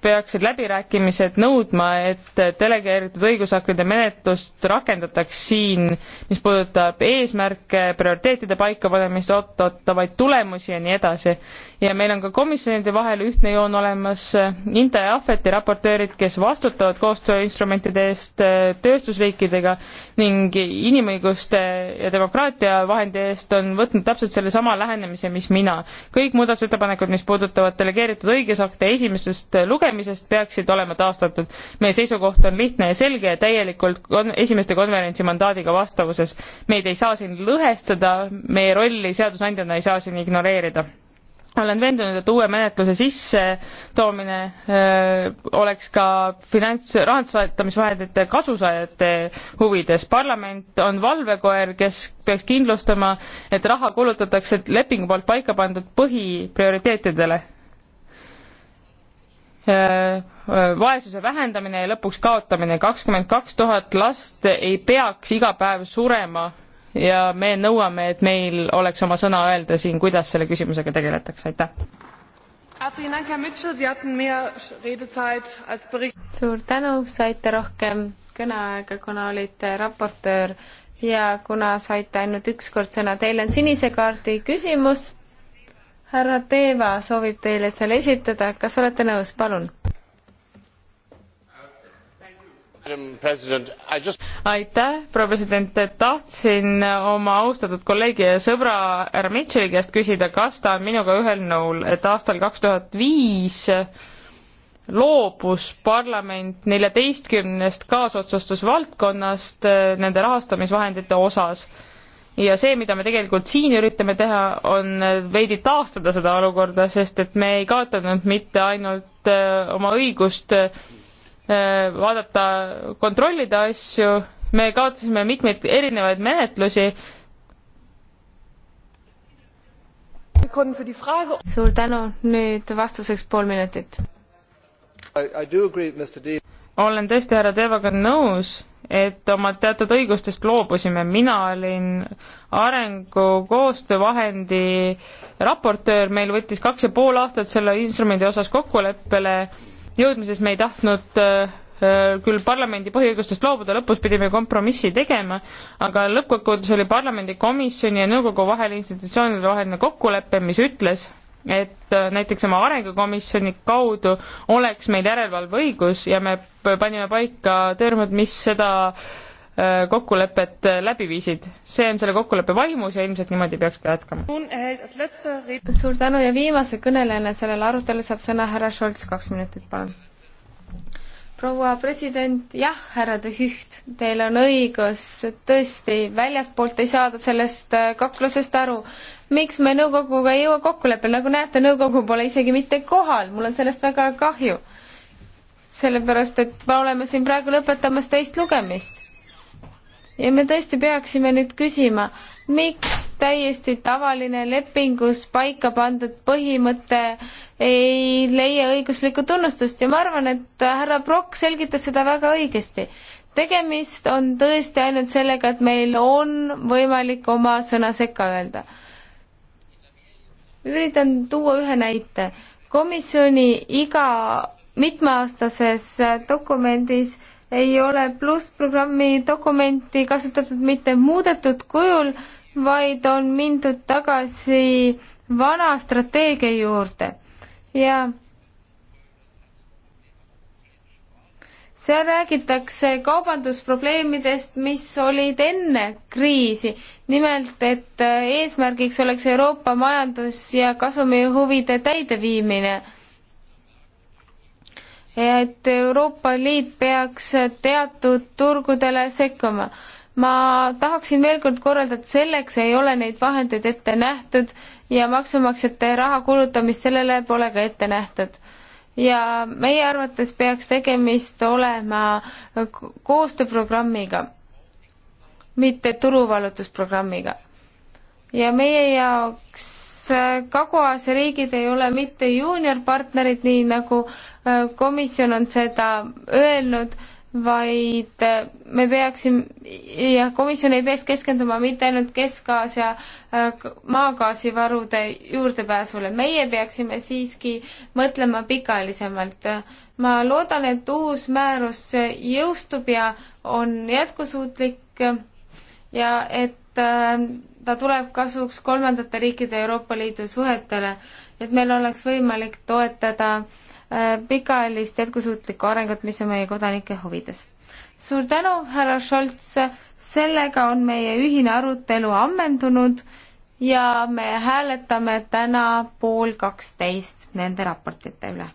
S3: peaksid läbirääkimised nõudma, et delegeeritud õigusaktide menetlust rakendataks siin, mis puudutab eesmärke, prioriteetide paikapanemist, oot-ootavaid tulemusi ja nii edasi ja meil on ka komisjonide vahel ühtne joon olemas, Inta ja Ahveti raportöörid, kes vastutavad koostööinstrumentide eest äh, tööstusriikidega ning inimõiguste ja demokraatia vahendi eest, on võtnud täpselt sellesama lähenemise, mis mina. kõik muudatusettepanekud, mis puudutavad delegeeritud õigusakte esimesest lugemisest, peaksid olema taastatud. meie seisukoht on lihtne ja selge ja täielikult kon-, esimeste konverentsi mandaadiga vastavuses. meid ei saa siin lõhestada, meie rolli seadusandjana ei saa siin ignoreerida olen veendunud, et uue menetluse sissetoomine äh, oleks ka finants, rahandusvahetamisvahendite kasusaajate huvides. parlament on valvekoer, kes peaks kindlustama, et raha kulutatakse lepingu poolt paika pandud põhiprioriteetidele. Äh, äh, vaesuse vähendamine ja lõpuks kaotamine. kakskümmend kaks tuhat last ei peaks iga päev surema ja me nõuame, et meil oleks oma sõna öelda siin, kuidas selle küsimusega tegeletakse, aitäh. suur tänu, saite
S2: rohkem kõneaega, kuna olite raportöör ja kuna saite ainult üks kord sõna, teil on sinise kaardi küsimus. härra Teeva soovib
S3: teile selle esitada, kas olete nõus, palun? aitäh, proua president, tahtsin oma austatud kolleegi ja sõbra härra Mitchell'i käest küsida, kas ta on minuga ühel nõul, et aastal kaks tuhat viis loobus parlament neljateistkümnest kaasotsustusvaldkonnast eh, nende rahastamisvahendite osas. ja see, mida me tegelikult siin üritame teha, on eh, veidi taastada seda olukorda, sest et me ei kaotanud mitte ainult eh, oma õigust Äh, vaadata, kontrollida asju, me kaotasime mitmeid erinevaid menetlusi. suur tänu, nüüd vastuseks pool minutit. olen tõesti härra Teevaga nõus, et oma teatud õigustest loobusime, mina olin arengukoostöö vahendi raportöör, meil võttis kaks ja pool aastat selle instrumendi osas kokkuleppele jõudmises me ei tahtnud äh, äh, küll parlamendi põhiõigustest loobuda, lõpus pidime kompromissi tegema, aga lõppkokkuvõttes oli parlamendi komisjoni ja nõukogu vahel institutsioonide vaheline kokkulepe, mis ütles, et äh, näiteks oma arengukomisjoni kaudu oleks meil järelevalveõigus ja me panime paika töörühmad, mis seda äh, Äh, kokkulepet äh, läbi viisid. see on selle kokkuleppe vaimus ja ilmselt niimoodi peaks ka jätkama.
S2: Äh, suur tänu ja viimase kõnelejana sellel arutelul saab sõna härra Scholz, kaks minutit, palun. proua president, jah, härra de Hüht, teil on õigus, tõesti, väljaspoolt ei saada sellest kaklusest aru. miks me nõukoguga ei jõua kokkuleppele, nagu näete, nõukogu pole isegi mitte kohal, mul on sellest väga kahju. sellepärast, et me oleme siin praegu lõpetamas teist lugemist ja me tõesti peaksime nüüd küsima, miks täiesti tavaline lepingus paika pandud põhimõte ei leia õiguslikku tunnustust ja ma arvan, et härra Brock selgitas seda väga õigesti. tegemist on tõesti ainult sellega, et meil on võimalik oma sõna sekka öelda. üritan tuua ühe näite. komisjoni iga mitmeaastases dokumendis ei ole Pluss programmi dokumenti kasutatud mitte muudetud kujul, vaid on mindud tagasi vana strateegia juurde ja seal räägitakse kaubandusprobleemidest, mis olid enne kriisi. nimelt, et eesmärgiks oleks Euroopa majandus ja kasumi huvide täideviimine et Euroopa Liit peaks teatud turgudele sekkuma. ma tahaksin veel kord korraldada, et selleks ei ole neid vahendeid ette nähtud ja maksumaksjate raha kulutamist sellele pole ka ette nähtud ja meie arvates peaks tegemist olema koostööprogrammiga, mitte turuvallutusprogrammiga. ja meie jaoks Äh, Kagu-Aasia riigid ei ole mitte juuniorpartnerid, nii nagu äh, komisjon on seda öelnud, vaid äh, me peaksime, jah, komisjon ei peaks keskenduma mitte ainult Kesk-Aasia maagaasivarude juurdepääsule, meie peaksime siiski mõtlema pikaajalisemalt. ma loodan, et uus määrus jõustub ja on jätkusuutlik ja et ta tuleb kasuks kolmandate riikide Euroopa Liidu suhetele, et meil oleks võimalik toetada äh, pikaajalist jätkusuutlikku arengut, mis on meie kodanike huvides. suur tänu, härra Scholz, sellega on meie ühine arutelu ammendunud ja me hääletame täna pool kaksteist nende raportite üle